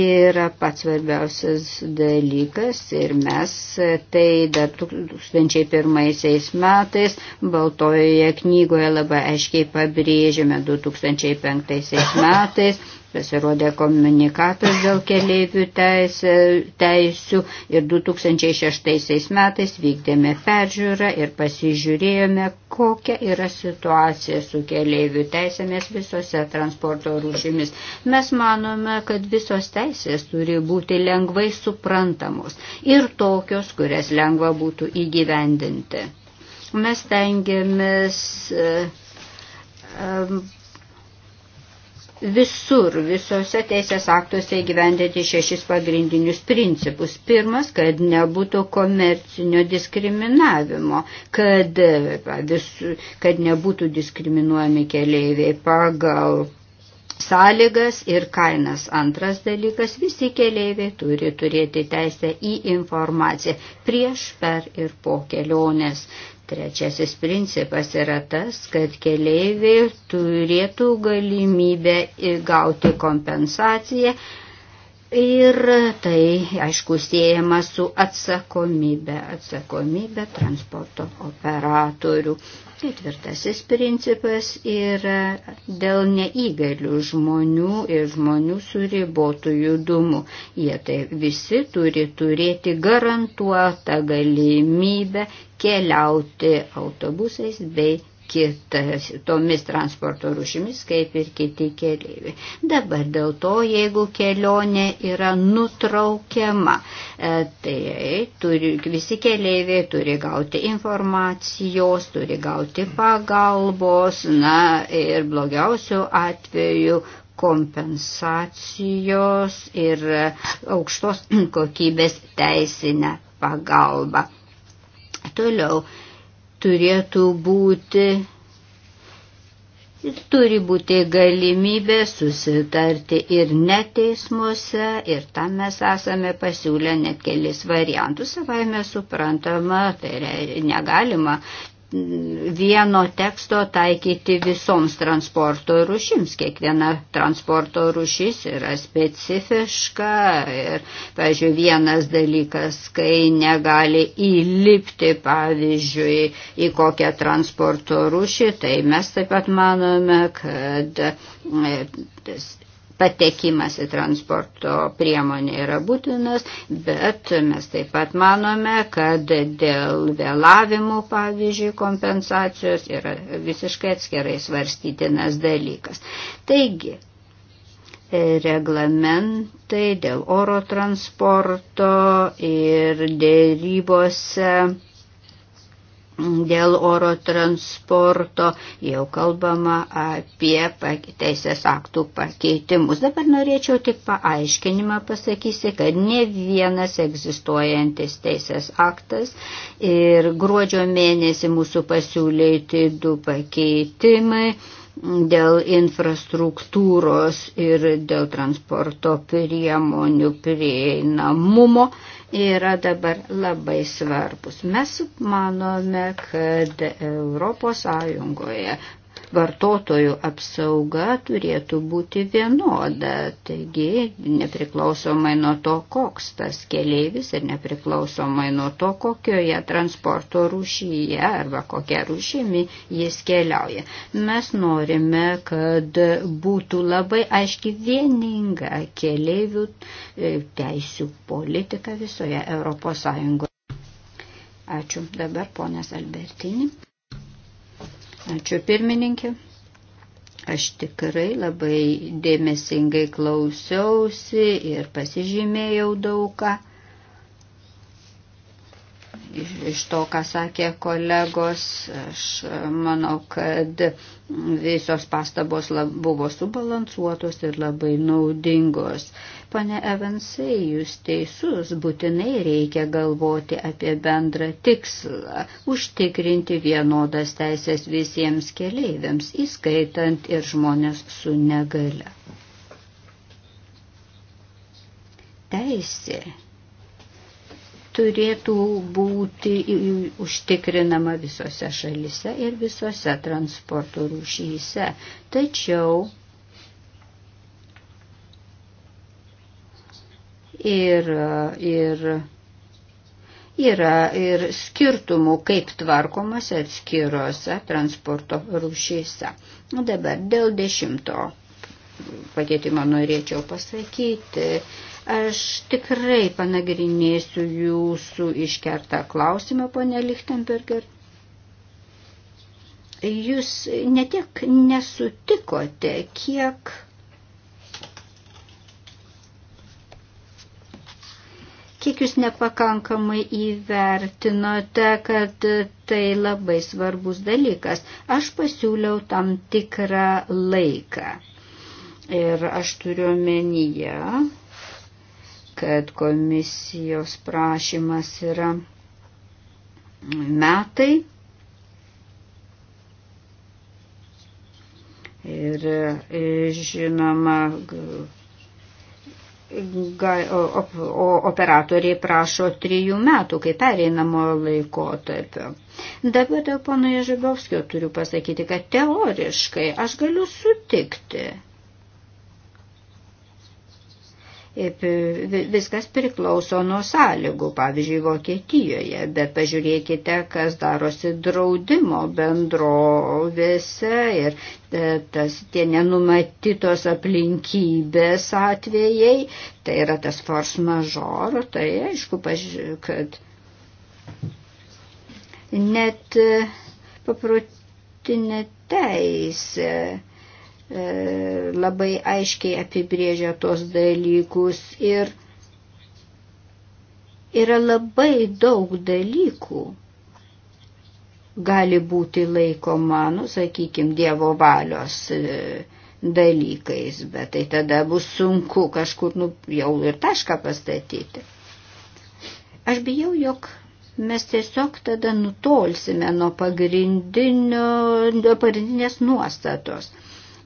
yra pats svarbiausias dalykas ir mes tai dar 2001 metais Baltojoje knygoje labai aiškiai pabrėžėme 2005 metais pasirodė komunikatas dėl keleivių teisė, teisių ir 2006 metais vykdėme peržiūrą ir pasižiūrėjome, kokia yra situacija su keleivių teisėmis visose transporto rūšimis. Mes manome, kad visos teisės turi būti lengvai suprantamos ir tokios, kurias lengva būtų įgyvendinti. Mes tengiamės. Uh, e, um, e, visur, visose teisės aktuose įgyvendinti šešis pagrindinius principus. Pirmas, kad nebūtų komercinio diskriminavimo, kad, vis, kad nebūtų diskriminuojami keleiviai pagal sąlygas ir kainas. Antras dalykas, visi keleiviai turi turėti teisę į informaciją prieš, per ir po kelionės. Trečiasis principas yra tas, kad keleiviai turėtų galimybę gauti kompensaciją ir tai, aišku, siejama su atsakomybė, atsakomybė transporto operatorių. Ketvirtasis principas yra dėl neįgalių žmonių ir žmonių su ribotu judumu. Jie tai visi turi turėti garantuotą galimybę keliauti autobusais bei kitas, tomis transporto rušimis, kaip ir kiti keliaiviai. Dabar dėl to, jeigu kelionė yra nutraukiama, e, tai turi, visi keliaiviai turi gauti informacijos, turi gauti pagalbos, na ir blogiausių atveju kompensacijos ir aukštos [clears throat] kokybės teisinę pagalbą. Toliau turėtų būti Ir turi būti galimybė susitarti ir ne teismuose, ir tam mes esame pasiūlę net kelis variantus, savaime suprantama, tai negalima vieno teksto taikyti visoms transporto rušims. Kiekviena transporto rušis yra specifiška ir, pavyzdžiui, vienas dalykas, kai negali įlipti, pavyzdžiui, į kokią transporto rušį, tai mes taip pat manome, kad e, patekimas į transporto priemonę yra būtinas, bet mes taip pat manome, kad dėl vėlavimų, pavyzdžiui, kompensacijos yra visiškai atskirai svarstytinas dalykas. Taigi, reglamentai dėl oro transporto ir dėrybose dėl oro transporto, jau kalbama apie teisės aktų pakeitimus. Dabar norėčiau tik paaiškinimą pasakysi, kad ne vienas egzistuojantis teisės aktas ir gruodžio mėnesį mūsų pasiūlyti du pakeitimai dėl infrastruktūros ir dėl transporto priemonių prieinamumo yra dabar labai svarbus. Mes manome, kad Europos Sąjungoje vartotojų apsauga turėtų būti vienoda, taigi nepriklausomai nuo to, koks tas keleivis ir nepriklausomai nuo to, kokioje transporto rūšyje arba kokia rūšimi jis keliauja. Mes norime, kad būtų labai aiški vieninga keleivių e, teisių politika visoje Europos Sąjungoje. Ačiū dabar ponas Albertini. Ačiū pirmininkė. Aš tikrai labai dėmesingai klausiausi ir pasižymėjau daugą iš to, ką sakė kolegos, aš manau, kad visos pastabos buvo subalansuotos ir labai naudingos. Pane Evansai, jūs teisus, būtinai reikia galvoti apie bendrą tikslą - užtikrinti vienodas teisės visiems keleiviams, įskaitant ir žmonės su negale. Teisė turėtų būti užtikrinama visose šalise ir visose transporto rūšyse. Tačiau ir, ir yra ir skirtumų, kaip tvarkomas atskirose transporto rūšyse. Dabar dėl dešimto pakeitimo norėčiau pasakyti. Aš tikrai panagrinėsiu jūsų iškertą klausimą, ponė Lichtenberger. Jūs netiek nesutikote, kiek Kiek jūs nepakankamai įvertinote, kad tai labai svarbus dalykas? Aš pasiūliau tam tikrą laiką. Ir aš turiu omenyje, kad komisijos prašymas yra metai. Ir žinoma, o operatoriai prašo trijų metų, kai pereinamo laikotarpio. Dabar dėl pono Ježibovskio turiu pasakyti, kad teoriškai aš galiu sutikti viskas priklauso nuo sąlygų, pavyzdžiui, Vokietijoje, bet pažiūrėkite, kas darosi draudimo bendrovėse ir e, tas tie nenumatytos aplinkybės atvejai, tai yra tas force major, tai aišku, pažiūrėk, kad net e, paprotinė teisė E, labai aiškiai apibrėžia tos dalykus ir yra labai daug dalykų. Gali būti laikoma, nu, sakykime, Dievo valios e, dalykais, bet tai tada bus sunku kažkur nu, jau ir tašką pastatyti. Aš bijau, jog mes tiesiog tada nutolsime nuo pagrindinės nuostatos –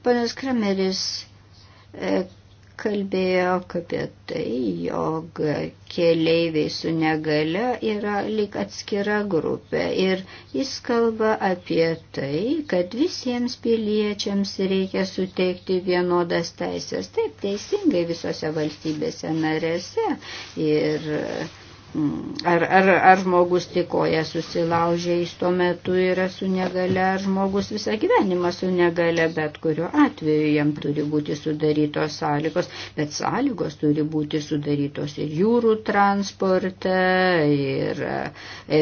Panas Krameris e, kalbėjo apie tai, jog keleiviai su negale yra lik atskira grupė ir jis kalba apie tai, kad visiems piliečiams reikia suteikti vienodas teisės. Taip, teisingai visose valstybėse narėse ir Mm. ar, ar, ar žmogus tik koją susilaužė, jis tuo metu yra su negale, ar žmogus visą gyvenimą su negale, bet kuriuo atveju jam turi būti sudarytos sąlygos, bet sąlygos turi būti sudarytos ir jūrų transporte, ir,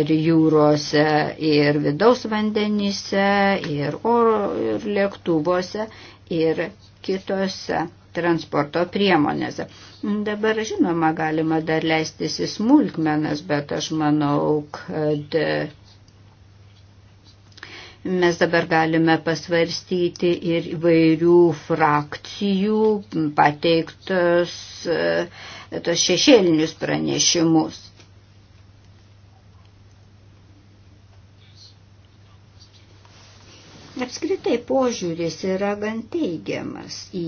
ir jūrose, ir vidaus vandenyse, ir oro, ir lėktuvuose, ir kitose transporto priemonės. Dabar, žinoma, galima dar leistis į smulkmenas, bet aš manau, kad mes dabar galime pasvarstyti ir įvairių frakcijų pateiktus e, tos šešėlinius pranešimus. Apskritai požiūris yra gan teigiamas į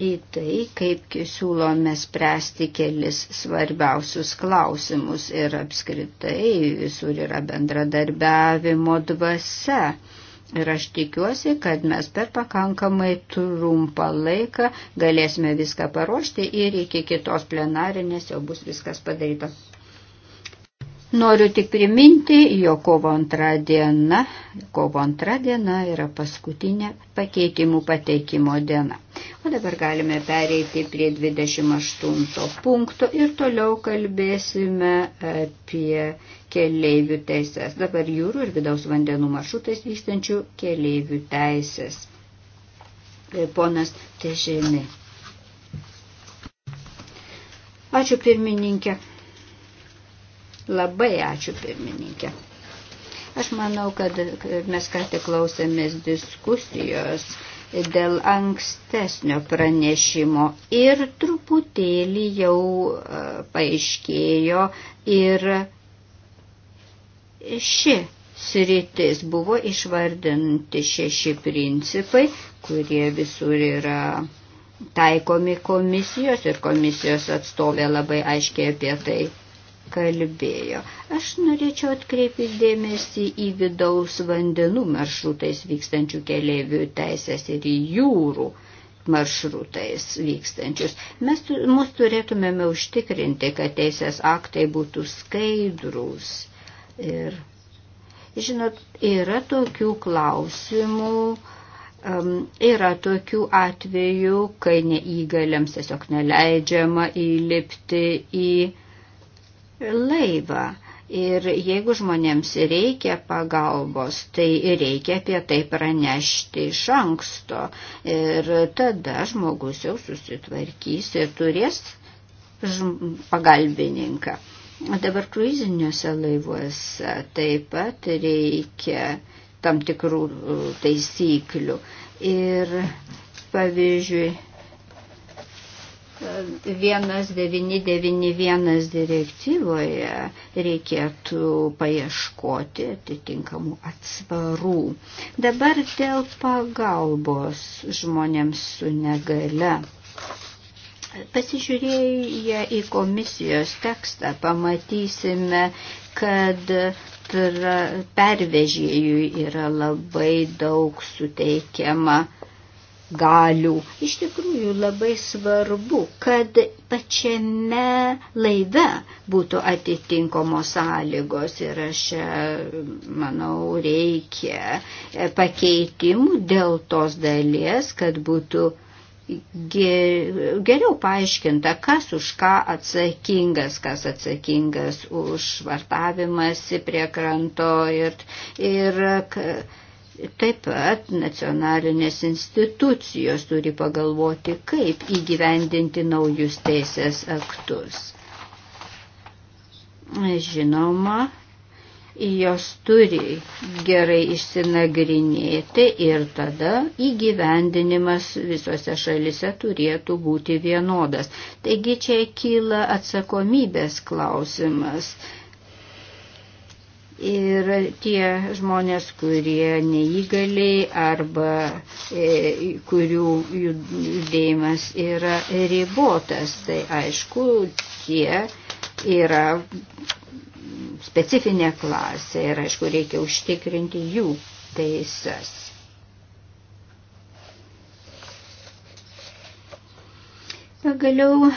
į tai, kaip siūlome spręsti kelis svarbiausius klausimus ir apskritai visur yra bendradarbiavimo dvasia. Ir aš tikiuosi, kad mes per pakankamai trumpą laiką galėsime viską paruošti ir iki kitos plenarinės jau bus viskas padaryta. Noriu tik priminti, jo kovo antrą dieną, kovo antrą dieną yra paskutinė pakeitimų pateikimo diena. O dabar galime pereiti prie 28 punkto ir toliau kalbėsime apie keleivių teisės. Dabar jūrų ir vidaus vandenų maršrutais vykstančių keleivių teisės. E, ponas Težinė. Ačiū pirmininkė. Labai ačiū pirmininkė. Aš manau, kad mes ką tik klausėmės diskusijos dėl ankstesnio pranešimo ir truputėlį jau e, paaiškėjo ir ši sritis buvo išvardinti šeši principai, kurie visur yra taikomi komisijos ir komisijos atstovė labai aiškiai apie tai kalbėjo. Aš norėčiau atkreipti dėmesį į vidaus vandenų maršrutais vykstančių keliaivių teisės ir į jūrų maršrutais vykstančius. Mes mus turėtumėme užtikrinti, kad teisės aktai būtų skaidrus. Ir, žinot, yra tokių klausimų, um, yra tokių atvejų, kai neįgaliams tiesiog neleidžiama įlipti į laivą. Ir jeigu žmonėms reikia pagalbos, tai reikia apie tai pranešti iš anksto. Ir tada žmogus jau susitvarkys ir turės pagalbininką. Dabar kruiziniuose laivuose taip pat reikia tam tikrų uh, taisyklių. Ir pavyzdžiui, 1991 direktyvoje reikėtų paieškoti atitinkamų atsvarų. Dabar dėl pagalbos žmonėms su negale. Pasižiūrėję į komisijos tekstą pamatysime, kad pervežėjui yra labai daug suteikiama uh, galių. Iš tikrųjų labai svarbu, kad pačiame laive būtų atitinkamos sąlygos ir aš e, manau reikia e, pakeitimų dėl tos dalies, kad būtų geriau paaiškinta, kas už ką atsakingas, kas atsakingas už vartavimąsi prie kranto ir, ir Taip pat nacionalinės institucijos turi pagalvoti, kaip įgyvendinti naujus teisės aktus. Žinoma, jos turi gerai išsinagrinėti ir tada įgyvendinimas visose šalise turėtų būti vienodas. Taigi čia kyla atsakomybės klausimas Ir tie žmonės, kurie neįgaliai arba e, kurių judėjimas yra ribotas, tai aišku, tie yra specifinė klasė ir aišku, reikia užtikrinti jų teisas. Pagaliau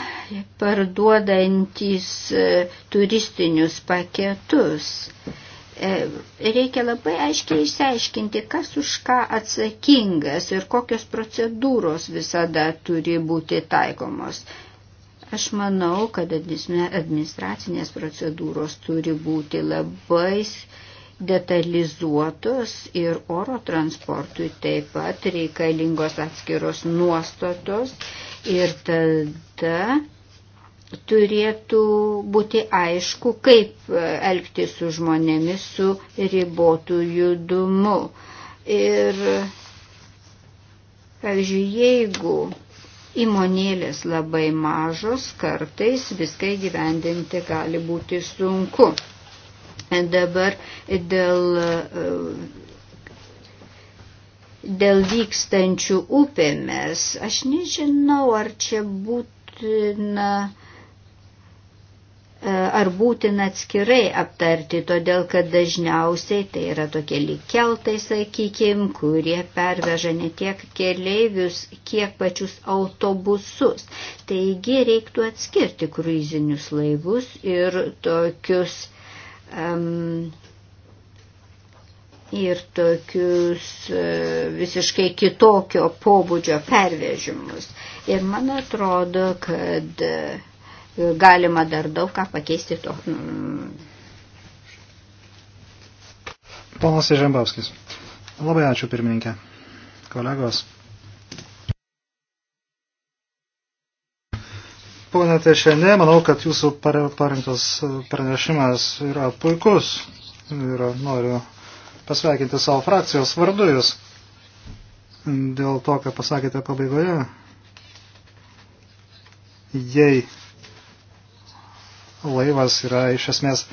parduodantis e, turistinius paketus. E, E, reikia labai aiškiai išsiaiškinti, kas už ką atsakingas ir kokios procedūros visada turi būti taikomos. Aš manau, kad administracinės procedūros turi būti labai detalizuotos ir oro transportui taip pat reikalingos atskiros nuostatos ir tada turėtų būti aišku, kaip e, elgti su žmonėmis su ribotų judumu. Ir, pavyzdžiui, jeigu įmonėlės labai mažos, kartais viską gyvendinti gali būti sunku. Dabar dėl, e, dėl vykstančių upėmės, aš nežinau, ar čia būtina E, ar būtina atskirai aptarti, todėl kad dažniausiai tai yra tokie likeltai, sakykim, kurie perveža ne tiek keleivius, kiek pačius autobusus. Taigi reiktų atskirti kruizinius laivus ir tokius. Um, Ir tokius e, visiškai kitokio pobūdžio pervežimus. Ir man atrodo, kad uh, galima dar daug ką pakeisti to. Nu. Ponas Žembavskis. Labai ačiū pirmininkė. Kolegos. Pone Tešenė, manau, kad jūsų parengtas pranešimas yra puikus ir noriu pasveikinti savo frakcijos vardu jūs dėl to, ką pasakėte pabaigoje. Jei laivas yra iš esmės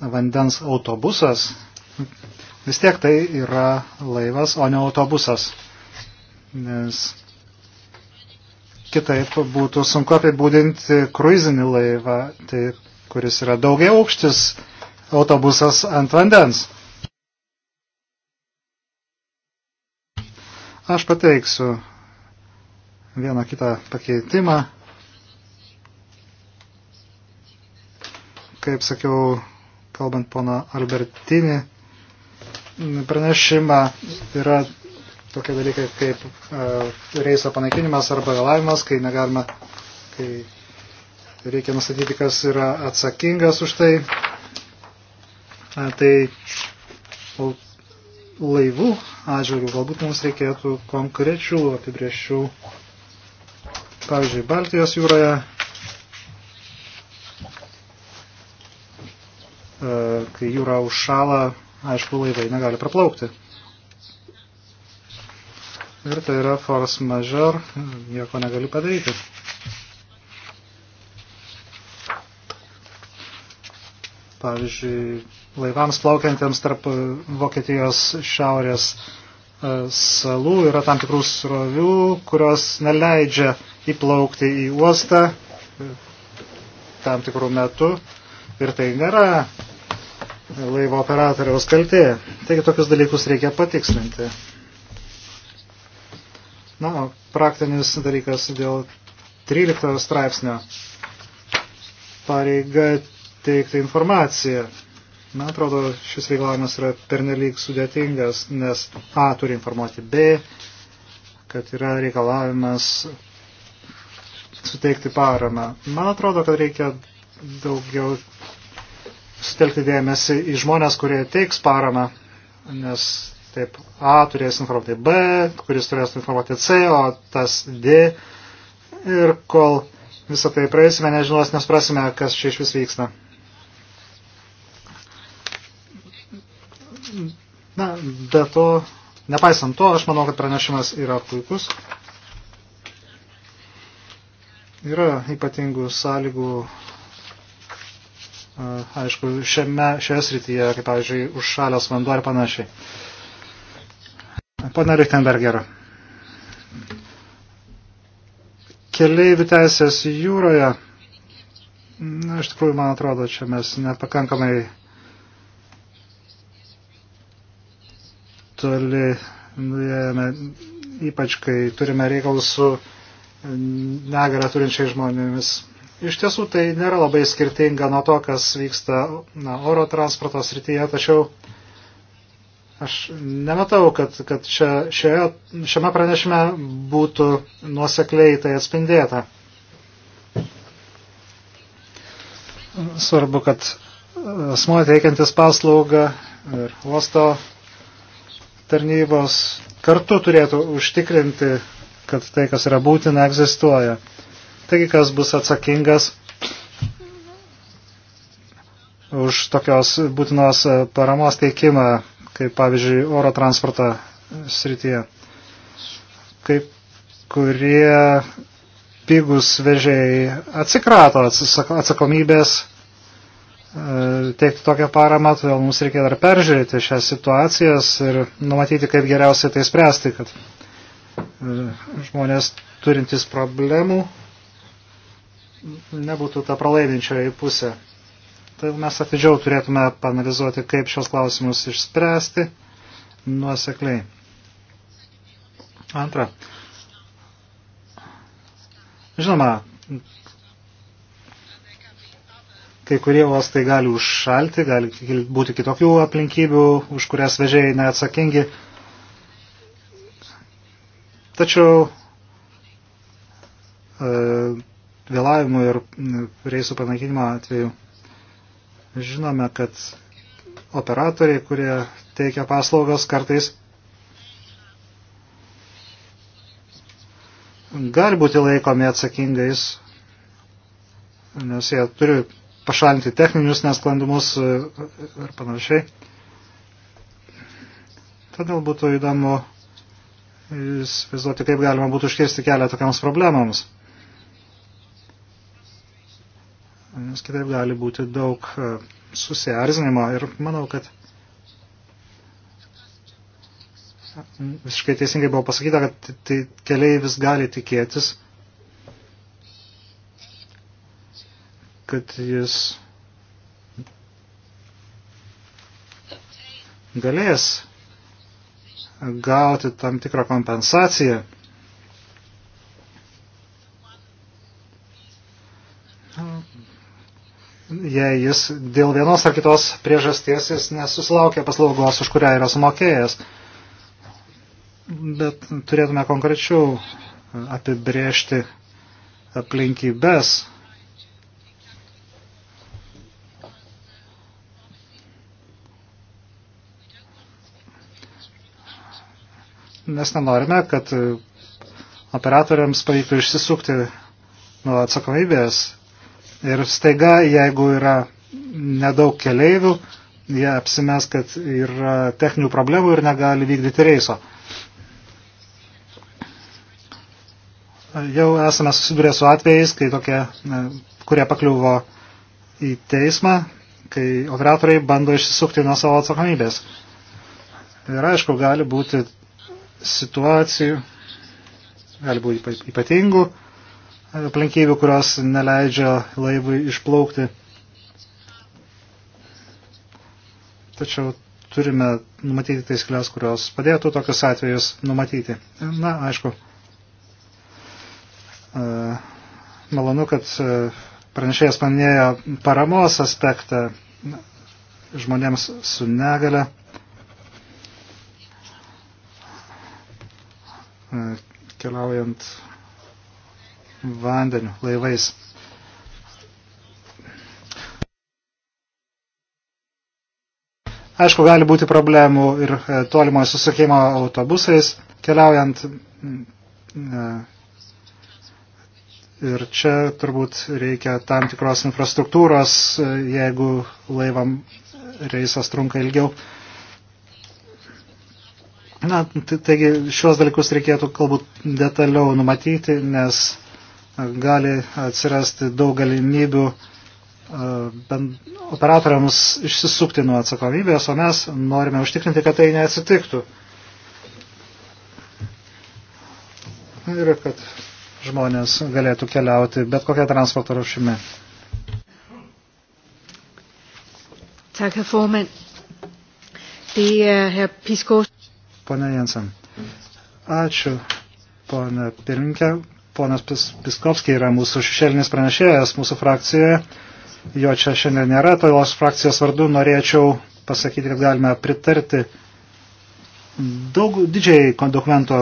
vandens autobusas, vis tiek tai yra laivas, o ne autobusas. Nes kitaip būtų sunku apibūdinti kruizinį laivą, tai, kuris yra daugiau aukštis autobusas ant vandens. Aš pateiksiu vieną kitą pakeitimą. kaip sakiau, kalbant pono Albertinį, pranešimą yra tokie dalykai kaip uh, reiso panaikinimas arba vėlavimas, kai negalima, kai reikia nustatyti, kas yra atsakingas už tai. Uh, tai laivų atžvilgių galbūt mums reikėtų konkrečių apibriešių. Pavyzdžiui, Baltijos jūroje E, kai jūra užšala, aišku, laivai negali praplaukti. Ir tai yra force major, nieko negali padaryti. Pavyzdžiui, laivams plaukiantiems tarp Vokietijos šiaurės e, salų yra tam tikrų srovių, kurios neleidžia įplaukti į uostą e, tam tikrų metų. Ir tai nėra laivo operatoriaus kaltė. Taigi tokius dalykus reikia patikslinti. Na, praktinis dalykas dėl 13 straipsnio. Pareiga teikti informaciją. Man atrodo, šis reikalavimas yra pernelyg sudėtingas, nes A turi informuoti B, kad yra reikalavimas suteikti paramą. Man atrodo, kad reikia daugiau sutelkti dėmesį į žmonės, kurie teiks paramą, nes taip A turės informuoti B, kuris turės informuoti C, o tas D. Ir kol visą tai praeisime, nežinos, nesprasime, kas čia iš vis vyksta. Na, be to, nepaisant to, aš manau, kad pranešimas yra puikus. Yra ypatingų sąlygų aišku, šiame, šioje srityje, kaip pavyzdžiui, užšalęs vanduo ir panašiai. Pana Lichtenberger. Keleivių teisės jūroje, na, iš tikrųjų, man atrodo, čia mes nepakankamai toli nuėjome, ypač kai turime reikalų su negalę turinčiai žmonėmis Iš tiesų tai nėra labai skirtinga nuo to, kas vyksta na, oro transporto srityje, tačiau aš nematau, kad, kad čia, šioje, šiame pranešime būtų nuosekliai tai atspindėta. Svarbu, kad asmo teikiantis paslaugą ir uosto tarnybos kartu turėtų užtikrinti, kad tai, kas yra būtina, egzistuoja. Taigi, kas bus atsakingas už tokios būtinos e, paramos teikimą, kaip pavyzdžiui, oro transporto srityje. Kaip kurie pigus vežėjai atsikrato atsakomybės e, teikti tokią paramą, todėl mums reikia dar peržiūrėti šias situacijas ir numatyti, kaip geriausiai tai spręsti, kad e, žmonės turintys problemų nebūtų ta pralaidinčioji pusė. Tai mes atidžiau turėtume panalizuoti, kaip šios klausimus išspręsti nuosekliai. Antra. Žinoma, kai kurie uostai gali užšalti, gali būti kitokių aplinkybių, už kurias vežėjai neatsakingi. Tačiau e, vėlavimų ir reisų panaikinimo atveju. Žinome, kad operatoriai, kurie teikia paslaugas kartais, gali būti laikomi atsakingais, nes jie turi pašalinti techninius nesklandumus e, e, ir panašiai. Todėl būtų įdomu įsivaizduoti, kaip galima būtų užkirsti kelią tokiams problemams. nes kitaip gali būti daug e, susierzinimo ir manau, kad visiškai teisingai buvo pasakyta, kad tai keliai vis gali tikėtis, kad jis galės gauti tam tikrą kompensaciją jei jis dėl vienos ar kitos priežasties jis nesusilaukia paslaugos, už kurią yra sumokėjęs. Bet turėtume konkrečiau apibriežti aplinkybės, nes nenorime, kad operatoriams pavyktų išsisukti nuo atsakomybės Ir staiga, jeigu yra nedaug keleivių, jie apsimes, kad yra techninių problemų ir negali vykdyti reiso. Jau esame susidūrę su atvejais, kai tokie, kurie pakliuvo į teismą, kai operatoriai bando išsisukti nuo savo atsakomybės. Ir aišku, gali būti situacijų, gali būti ypatingų aplinkybių, kurios neleidžia laivui išplaukti. Tačiau turime numatyti taisyklės, kurios padėtų tokius atvejus numatyti. Na, aišku, e, malonu, kad e, pranešėjas paminėjo paramos aspektą žmonėms su negale. E, keliaujant vandeniu, laivais. Aišku, gali būti problemų ir e, tolimojo susisiekimo autobusais keliaujant. E, ir čia turbūt reikia tam tikros infrastruktūros, e, jeigu laivam reisas trunka ilgiau. Na, taigi šios dalykus reikėtų galbūt detaliau numatyti, nes gali atsirasti daug galimybių e, operatoriams išsisukti nuo atsakomybės, o mes norime užtikrinti, kad tai neatsitiktų. Ir kad žmonės galėtų keliauti bet kokią transporto rušimi. Tak, herr Forman. Det er herr Piskov. Pone Jensen. Ačiū, pone pirminkė ponas Piskovskis yra mūsų šešėlinis pranešėjas mūsų frakcijoje. Jo čia šiandien nėra, to jos frakcijos vardu norėčiau pasakyti, kad galime pritarti daug didžiai dokumento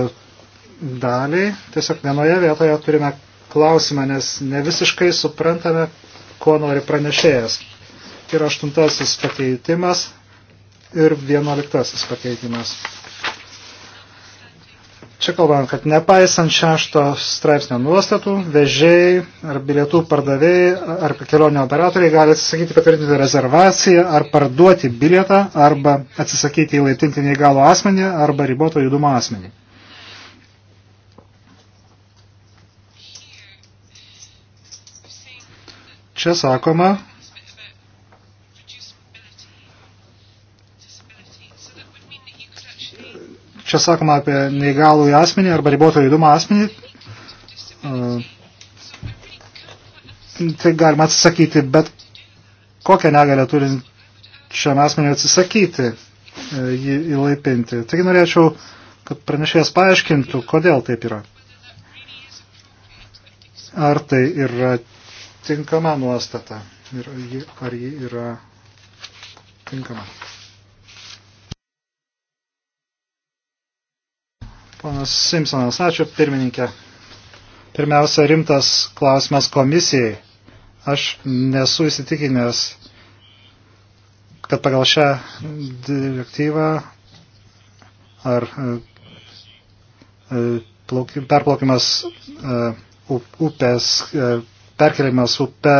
daliai. Tiesiog vienoje vietoje turime klausimą, nes ne visiškai suprantame, ko nori pranešėjas. Ir aštuntasis pakeitimas ir vienuoliktasis pakeitimas. Čia kalbant, kad nepaisant šešto straipsnio nuostatų, vežėjai ar bilietų pardavėjai ar kelionio operatoriai gali atsisakyti patvirtinti rezervaciją ar parduoti bilietą arba atsisakyti įlaitinti neįgalų asmenį arba riboto judumo asmenį. Čia sakoma, čia sakoma apie neįgalų į asmenį arba riboto judumą asmenį, e, tai galima atsisakyti, bet kokią negalę turinčiam asmeniu atsisakyti e, jį įlaipinti. Taigi norėčiau, kad pranešėjas paaiškintų, kodėl taip yra. Ar tai yra tinkama nuostata ir ar ji yra tinkama. Ponas Simpsonas, ačiū pirmininkė. Pirmiausia, rimtas klausimas komisijai. Aš nesu įsitikinęs, kad pagal šią direktyvą ar e, e, perplaukimas e, upės, perkelimas upe,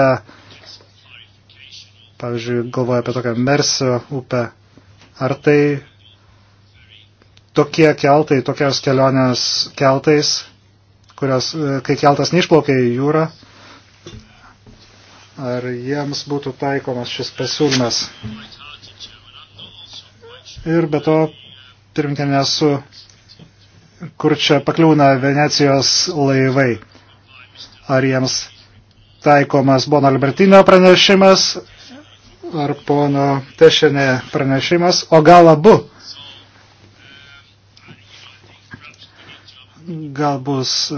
pavyzdžiui, galvoja apie tokią Mersio upę, ar tai tokie keltai, tokios kelionės keltais, kurios, e, kai keltas neišplaukia į jūrą, ar jiems būtų taikomas šis pasiūlymas. Ir be to, pirminkė, nesu, kur čia pakliūna Venecijos laivai. Ar jiems taikomas Bono Albertinio pranešimas, ar pono Tešinė pranešimas, o gal abu gal bus,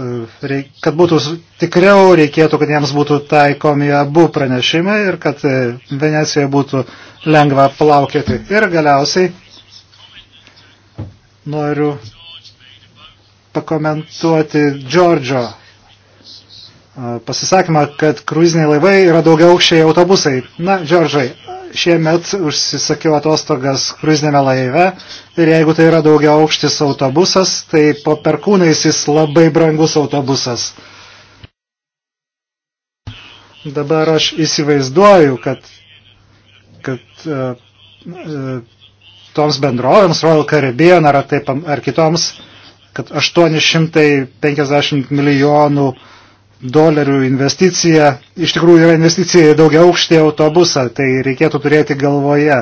e, kad būtų tikriau, reikėtų, kad jiems būtų taikomi abu pranešimai ir kad e, Venecijoje būtų lengva plaukėti. Ir galiausiai noriu pakomentuoti Džordžo e, pasisakymą, kad kruiziniai laivai yra daugia aukščiai autobusai. Na, Džordžai, šiemet užsisakiau atostogas kruizinėme laive ir jeigu tai yra daugia aukštis autobusas, tai po perkūnais jis labai brangus autobusas. Dabar aš įsivaizduoju, kad, kad uh, uh, toms bendrovėms, Royal Caribbean ar, taip, ar kitoms, kad 850 milijonų uh, dolerių investicija iš tikrųjų yra investicija į daugia aukštį autobusą, tai reikėtų turėti galvoje.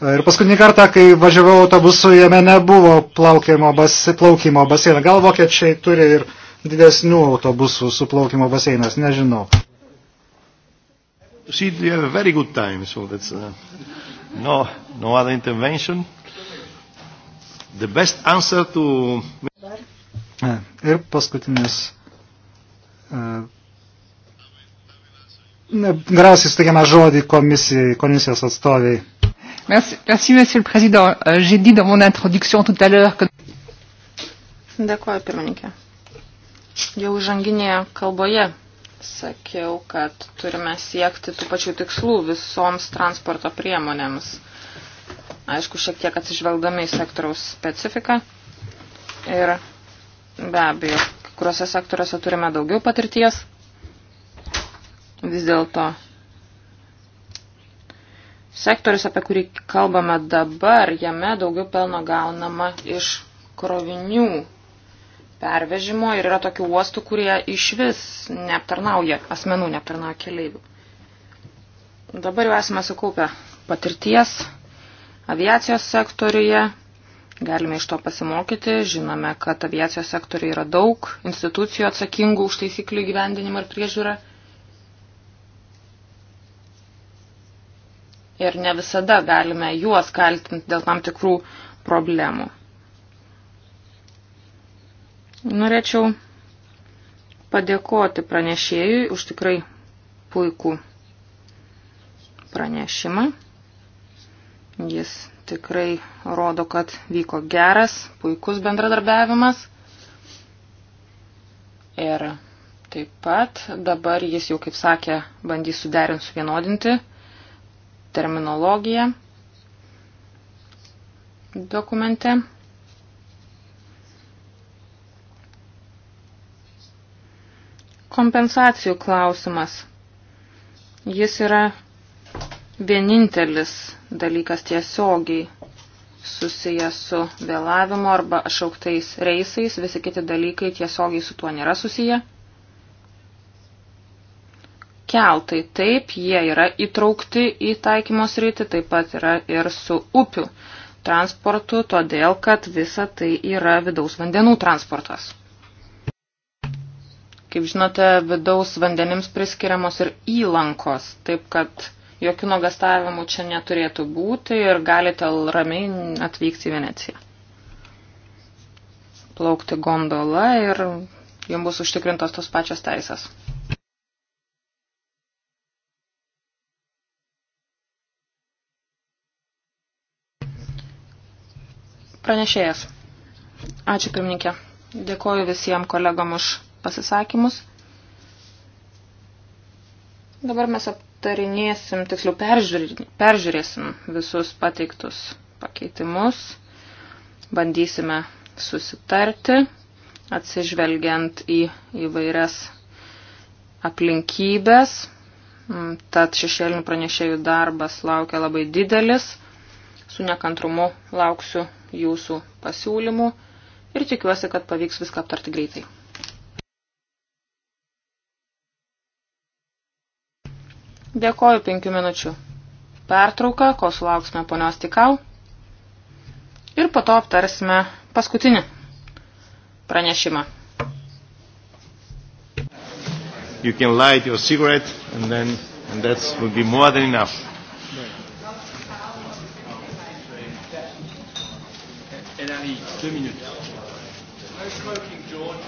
Ir paskutinį kartą, kai važiavau autobusu, jame nebuvo plaukimo, basi, plaukimo baseino. Gal vokiečiai turi ir didesnių autobusų su plaukimo baseinas, nežinau. She, you have a very good time, so that's uh, no, no other intervention. The best answer to... Ir paskutinis. E, galiausiai suteikiame žodį komisijai, komisijos atstoviai. Merci, merci, Monsieur le Président. Euh, j'ai dit dans mon introduction tout à l'heure que... Dėkuoju, pirmininkė. Jau žanginėje kalboje sakiau, kad turime siekti tų pačių tikslų visoms transporto priemonėms aišku, šiek tiek atsižvelgdami į sektoriaus specifiką ir be abejo, kuriuose sektoriuose turime daugiau patirties, vis dėlto sektorius, apie kurį kalbame dabar, jame daugiau pelno gaunama iš krovinių pervežimo ir yra tokių uostų, kurie iš vis neaptarnauja asmenų, neaptarnauja keleivių. Dabar jau esame sukaupę patirties aviacijos sektoriuje. Galime iš to pasimokyti. Žinome, kad aviacijos sektoriuje yra daug institucijų atsakingų už taisyklių įgyvendinimą ir priežiūrą. Ir ne visada galime juos kaltinti dėl tam tikrų problemų. Norėčiau padėkoti pranešėjui už tikrai puikų pranešimą. Jis tikrai rodo, kad vyko geras, puikus bendradarbiavimas. Ir taip pat dabar jis jau, kaip sakė, bandys suderinti, suvienodinti terminologiją dokumente. Kompensacijų klausimas. Jis yra vienintelis dalykas tiesiogiai susijęs su vėlavimu arba šauktais reisais, visi kiti dalykai tiesiogiai su tuo nėra susiję. Keltai taip, jie yra įtraukti į taikymos rytį, taip pat yra ir su upių transportu, todėl kad visa tai yra vidaus vandenų transportas. Kaip žinote, vidaus vandenims priskiriamos ir įlankos, taip kad jokių nuogastavimų čia neturėtų būti ir galite ramiai atvykti į Veneciją. Plaukti gondola ir jums bus užtikrintos tos pačios teisės. Pranešėjas. Ačiū pirmininkė. Dėkoju visiems kolegom už pasisakymus. Dabar mes aptarinėsim, tiksliau peržiūrėsim visus pateiktus pakeitimus, bandysime susitarti, atsižvelgiant į įvairias aplinkybės, mm, tad šešėlinių pranešėjų darbas laukia labai didelis, su nekantrumu lauksiu jūsų pasiūlymų ir tikiuosi, kad pavyks viską aptarti greitai. Dėkoju penkių minučių. Pertrauka, ko sulauksime ponios Tikau. Ir po to aptarsime paskutinį pranešimą. You can light your cigarette and then and that will be more than enough. Elle arrive, deux minutes. No smoking, George.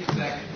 Exactly.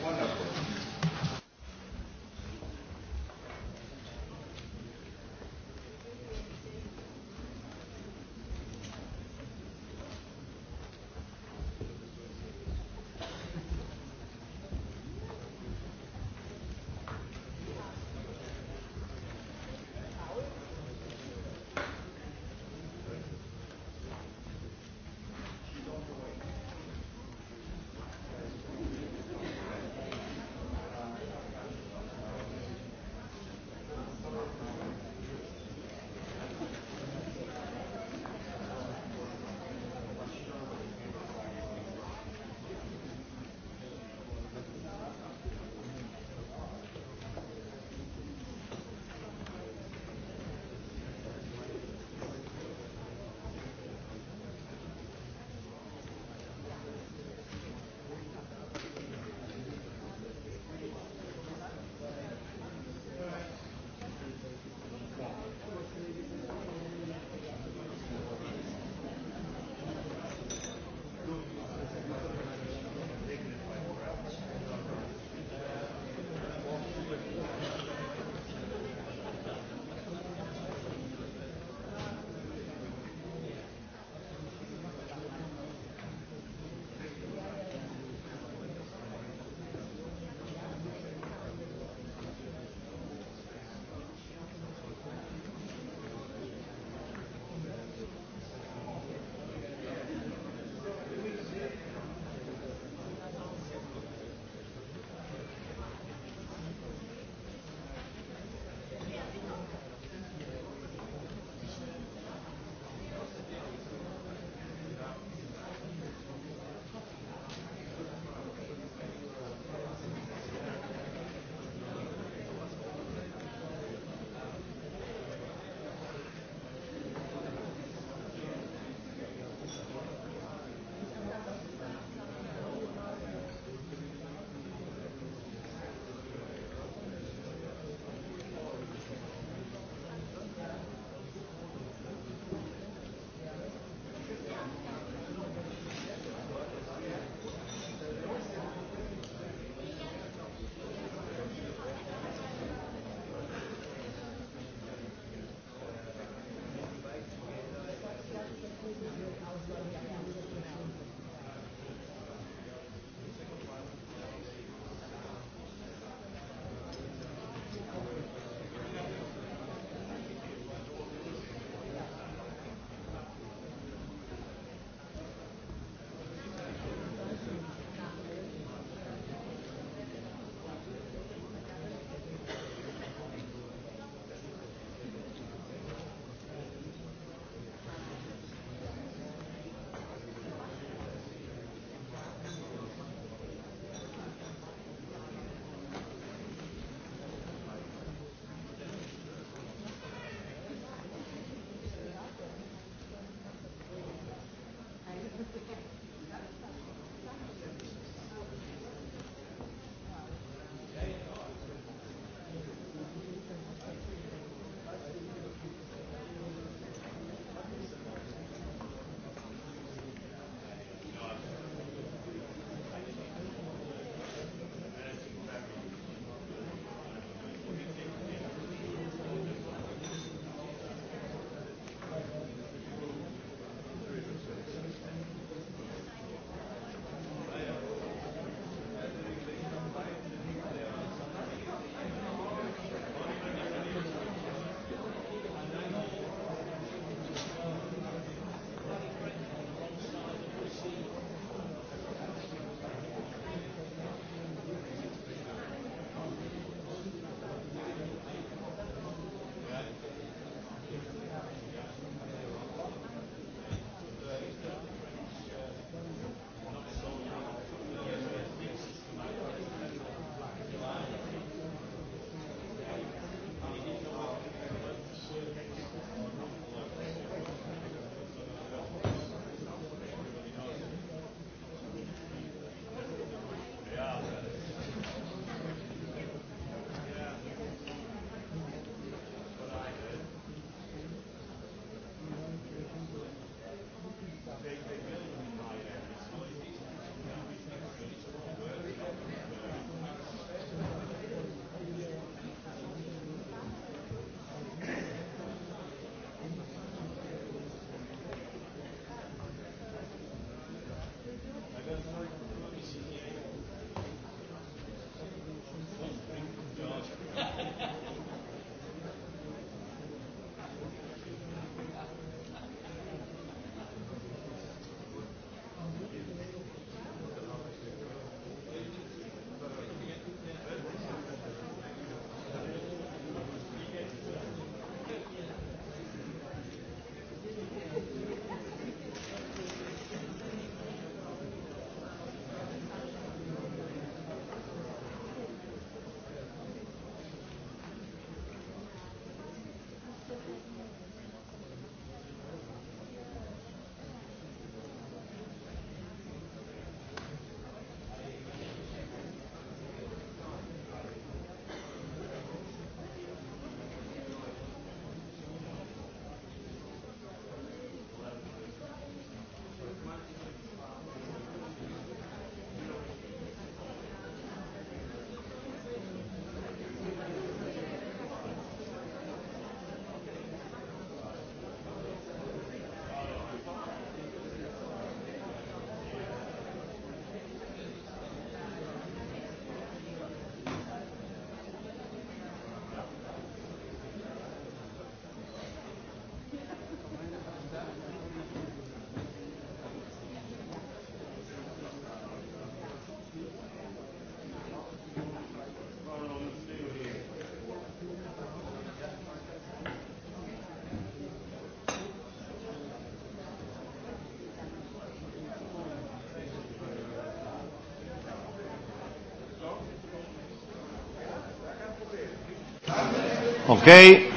Okay.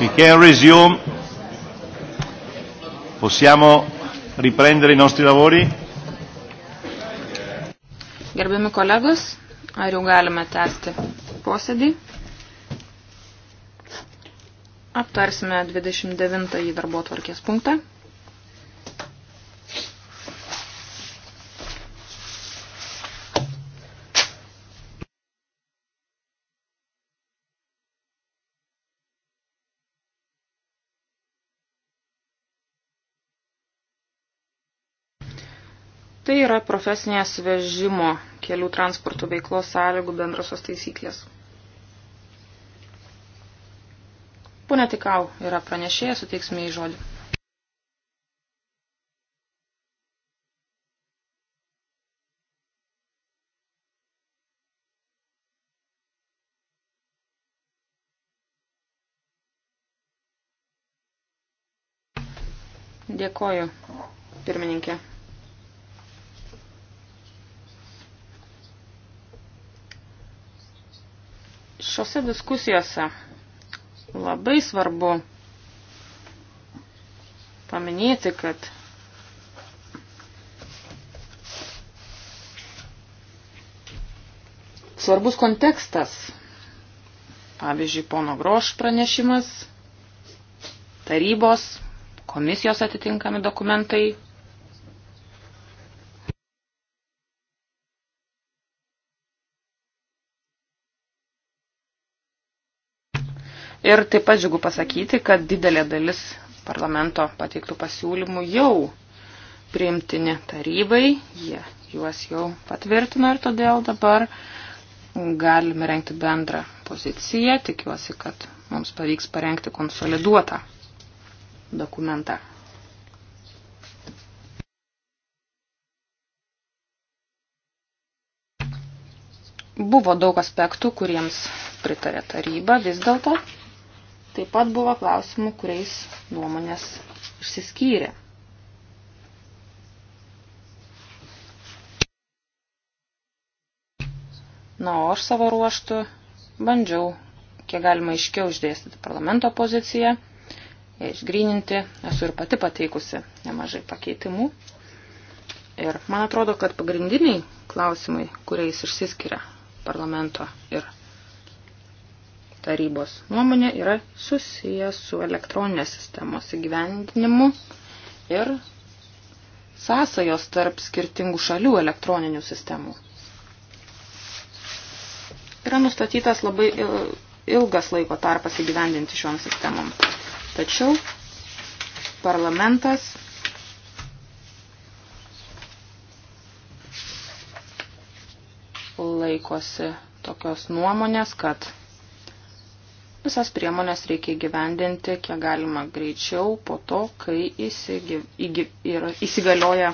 We can resume. Possiamo riprendere i nostri lavori? Gerbiami kolegos, ar jau galime tęsti posėdį? Aptarsime 29 darbo tvarkės punktą. yra profesinės vežimo kelių transporto veiklos sąlygų bendrosios taisyklės. Pone Tikau yra pranešėja, suteiksime į žodį. Dėkoju, pirmininkė. Šiuose diskusijose labai svarbu paminėti, kad svarbus kontekstas, pavyzdžiui, pono Groš pranešimas, tarybos, komisijos atitinkami dokumentai, Ir taip pat džiugu pasakyti, kad didelė dalis parlamento pateiktų pasiūlymų jau priimtini tarybai, jie juos jau patvirtino ir todėl dabar galime renkti bendrą poziciją. Tikiuosi, kad mums pavyks parengti konsoliduotą dokumentą. Buvo daug aspektų, kuriems pritarė taryba vis dėlto. Taip pat buvo klausimų, kuriais nuomonės išsiskyrė. Na, o aš savo ruoštų bandžiau, kiek galima aiškiau išdėstyti parlamento poziciją, išgrininti, esu ir pati pateikusi nemažai pakeitimų. Ir man atrodo, kad pagrindiniai klausimai, kuriais išsiskiria parlamento ir tarybos nuomonė yra susijęs su elektroninės sistemos įgyvendinimu ir sąsajos tarp skirtingų šalių elektroninių sistemų. Yra nustatytas labai ilgas laiko tarpas įgyvendinti šiom sistemom. Tačiau parlamentas laikosi tokios nuomonės, kad Visas priemonės reikia gyvendinti kiek galima greičiau po to, kai įsigi, įgi, yra, įsigalioja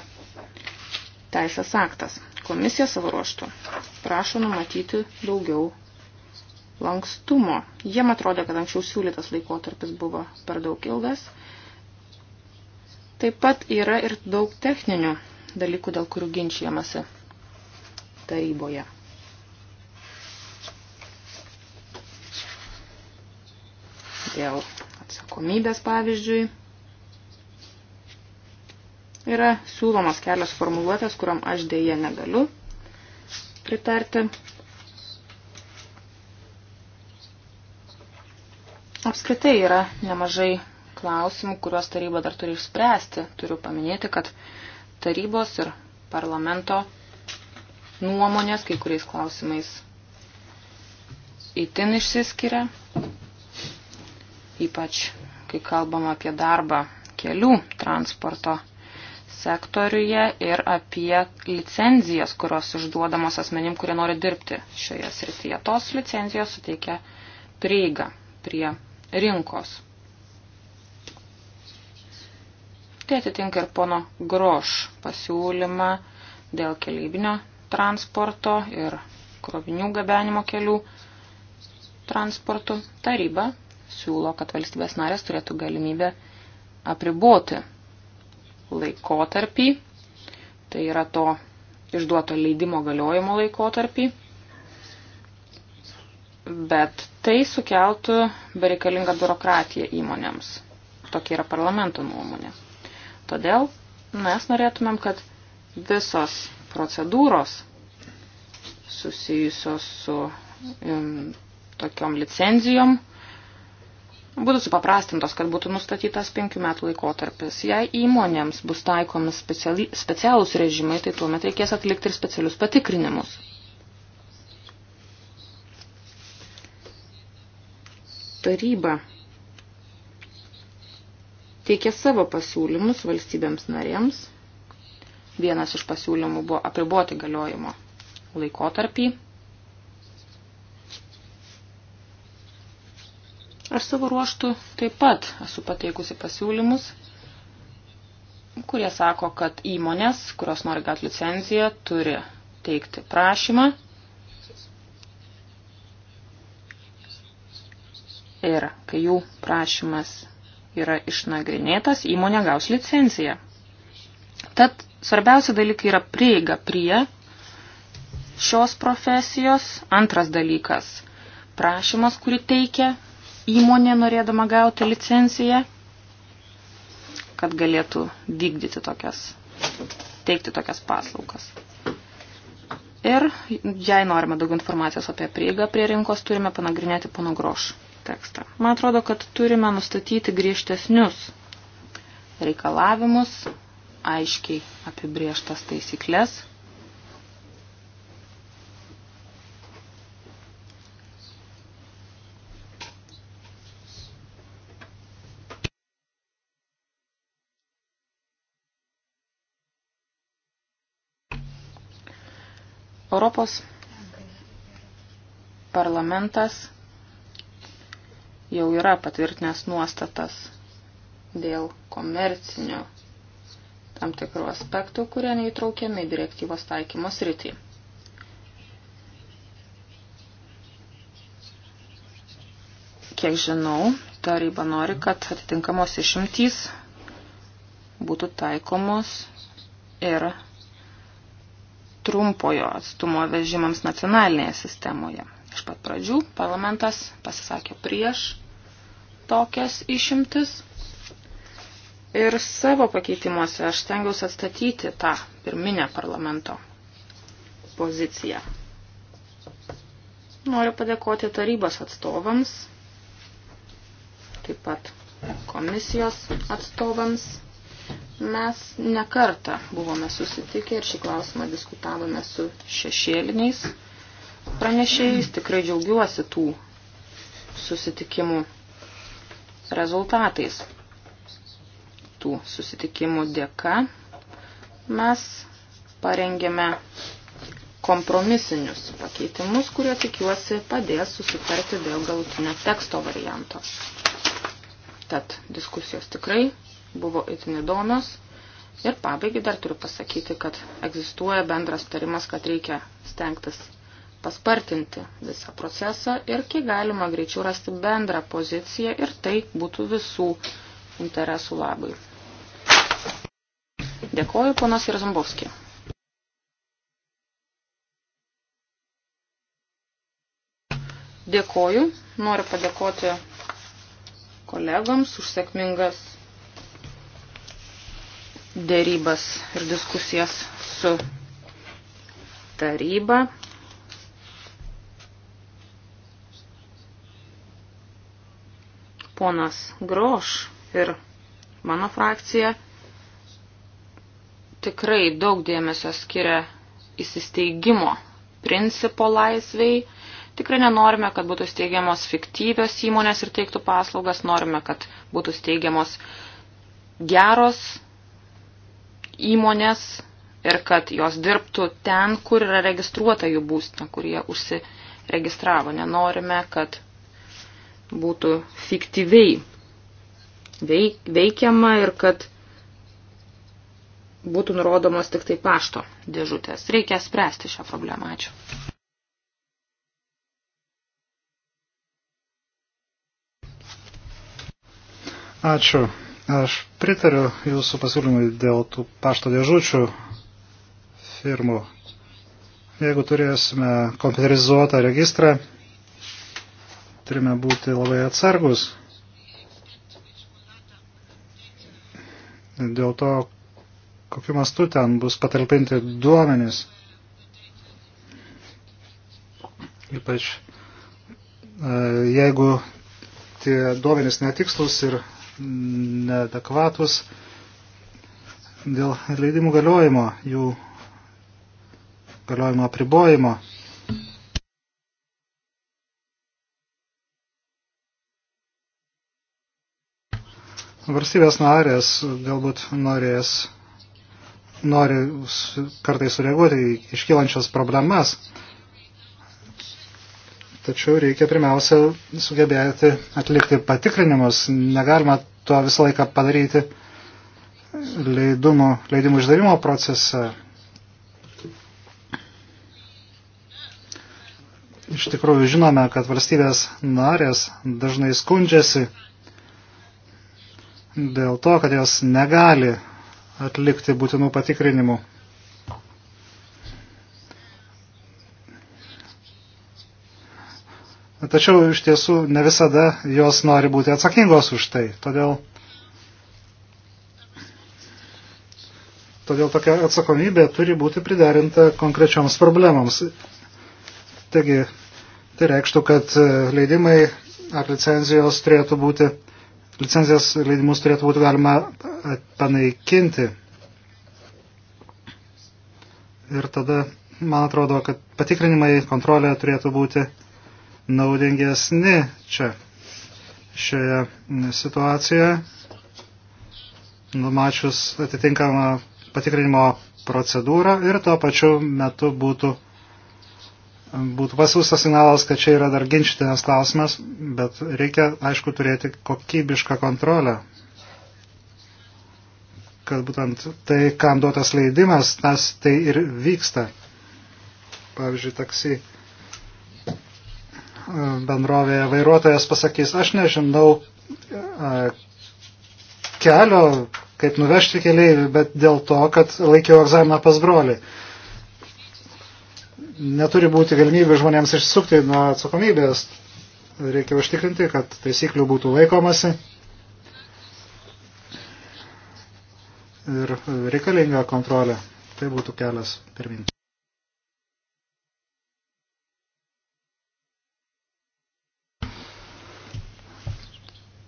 teisės aktas. Komisija savo ruoštų prašo numatyti daugiau lankstumo. Jiem atrodė, kad anksčiau siūlytas laikotarpis buvo per daug ilgas. Taip pat yra ir daug techninių dalykų, dėl kurių ginčiamasi taryboje. dėl atsakomybės pavyzdžiui. Yra siūlomas kelios formuluotės, kuriam aš dėje negaliu pritarti. Apskritai yra nemažai klausimų, kuriuos taryba dar turi išspręsti. Turiu paminėti, kad tarybos ir parlamento nuomonės kai kuriais klausimais įtin išsiskiria ypač kai kalbam apie darbą kelių transporto sektoriuje ir apie licenzijas, kurios išduodamos asmenim, kurie nori dirbti šioje srityje. Tos licenzijos suteikia prieigą prie rinkos. Tai atitinka ir pono Groš pasiūlymą dėl keleibinio transporto ir krovinių gabenimo kelių transportų taryba siūlo, kad valstybės narės turėtų galimybę apriboti laikotarpį, tai yra to išduoto leidimo galiojimo laikotarpį, bet tai sukeltų bereikalingą biurokratiją įmonėms. Tokia yra parlamento nuomonė. Todėl mes norėtumėm, kad visos procedūros susijusios su um, tokiom licenzijom būtų supaprastintos, kad būtų nustatytas penkių metų laikotarpis. Jei įmonėms bus taikomi specialūs režimai, tai tuomet reikės atlikti ir specialius patikrinimus. Taryba teikė savo pasiūlymus valstybėms narėms. Vienas iš pasiūlymų buvo apriboti galiojimo laikotarpį Aš savo ruoštų taip pat esu pateikusi pasiūlymus, kurie sako, kad įmonės, kurios nori gauti licenciją, turi teikti prašymą ir kai jų prašymas yra išnagrinėtas, įmonė gaus licenciją. Tad svarbiausia dalykai yra prieiga prie šios profesijos. Antras dalykas – prašymas, kurį teikia įmonė norėdama gauti licenciją, kad galėtų vykdyti tokias, teikti tokias paslaugas. Ir jei norime daugiau informacijos apie prieigą prie rinkos, turime panagrinėti pono groš tekstą. Man atrodo, kad turime nustatyti griežtesnius reikalavimus, aiškiai apibrieštas taisyklės Europos parlamentas jau yra patvirtinęs nuostatas dėl komercinio tam tikrų aspektų, kurie neįtraukiami į direktyvos taikymos rytį. Kiek žinau, taryba nori, kad atitinkamos išimtys būtų taikomos ir trumpojo atstumo vežimams nacionalinėje sistemoje. Iš pat pradžių parlamentas pasisakė prieš tokias išimtis ir savo pakeitimuose aš stengiausi atstatyti tą pirminę parlamento poziciją. Noriu padėkoti tarybos atstovams, taip pat komisijos atstovams Mes nekartą buvome susitikę ir šį klausimą diskutavome su šešėliniais pranešėjais. Tikrai džiaugiuosi tų susitikimų rezultatais. Tų susitikimų dėka mes parengėme kompromisinius pakeitimus, kurie tikiuosi padės susitarti dėl galutinio teksto varianto. Tad diskusijos tikrai buvo itin įdomios. Ir pabaigai dar turiu pasakyti, kad egzistuoja bendras tarimas, kad reikia stengtis paspartinti visą procesą ir kiek galima greičiau rasti bendrą poziciją ir tai būtų visų interesų labai. Dėkoju, ponas Irzambovski. Dėkoju, noriu padėkoti kolegoms už sėkmingas dėrybas ir diskusijas su taryba. Ponas Groš ir mano frakcija tikrai daug dėmesio skiria įsisteigimo principo laisviai. Tikrai nenorime, kad būtų steigiamos fiktyvios įmonės ir teiktų paslaugas, norime, kad būtų steigiamos geros įmonės ir kad jos dirbtų ten, kur yra registruota jų būstinė, kur jie užsiregistravo. Nenorime, kad būtų fiktyviai veikiama ir kad būtų nurodomos tik tai pašto dėžutės. Reikia spręsti šią problemą. Ačiū. Ačiū. Aš pritariu jūsų pasiūlymui dėl tų pašto dėžučių firmų. Jeigu turėsime kompiuterizuotą registrą, turime būti labai atsargus dėl to, kokiu mastu ten bus patalpinti duomenys. Ypač e, jeigu tie duomenys netikslus ir neadekvatus dėl leidimų galiojimo, jų galiojimo apribojimo. Varsybės narės galbūt norės, nori kartais sureaguoti į iškylančias problemas Tačiau reikia pirmiausia sugebėti atlikti patikrinimus. Negalima to visą laiką padaryti leidimų, leidimų išdavimo procese. Iš tikrųjų žinome, kad valstybės narės dažnai skundžiasi dėl to, kad jos negali atlikti būtinų patikrinimų. Tačiau iš tiesų ne visada jos nori būti atsakingos už tai. Todėl, todėl tokia atsakomybė turi būti priderinta konkrečioms problemams. Taigi, tai reikštų, kad e, leidimai ar licenzijos turėtų būti, licenzijas leidimus turėtų būti galima panaikinti. Ir tada, man atrodo, kad patikrinimai, kontrolė turėtų būti naudingesni čia šioje situacijoje, numačius atitinkamą patikrinimo procedūrą ir tuo pačiu metu būtų, būtų pasiūstas signalas, kad čia yra dar ginčytinės klausimas, bet reikia, aišku, turėti kokybišką kontrolę kad būtent tai, kam duotas leidimas, tas tai ir vyksta. Pavyzdžiui, taksi bendrovėje vairuotojas pasakys, aš nežinau e, kelio, kaip nuvežti keliaivį, bet dėl to, kad laikiau egzaminą pas brolį. Neturi būti galimybių žmonėms išsukti nuo atsakomybės. Reikia užtikrinti, kad taisyklių būtų laikomasi. Ir reikalinga kontrolė. Tai būtų kelias pirmin.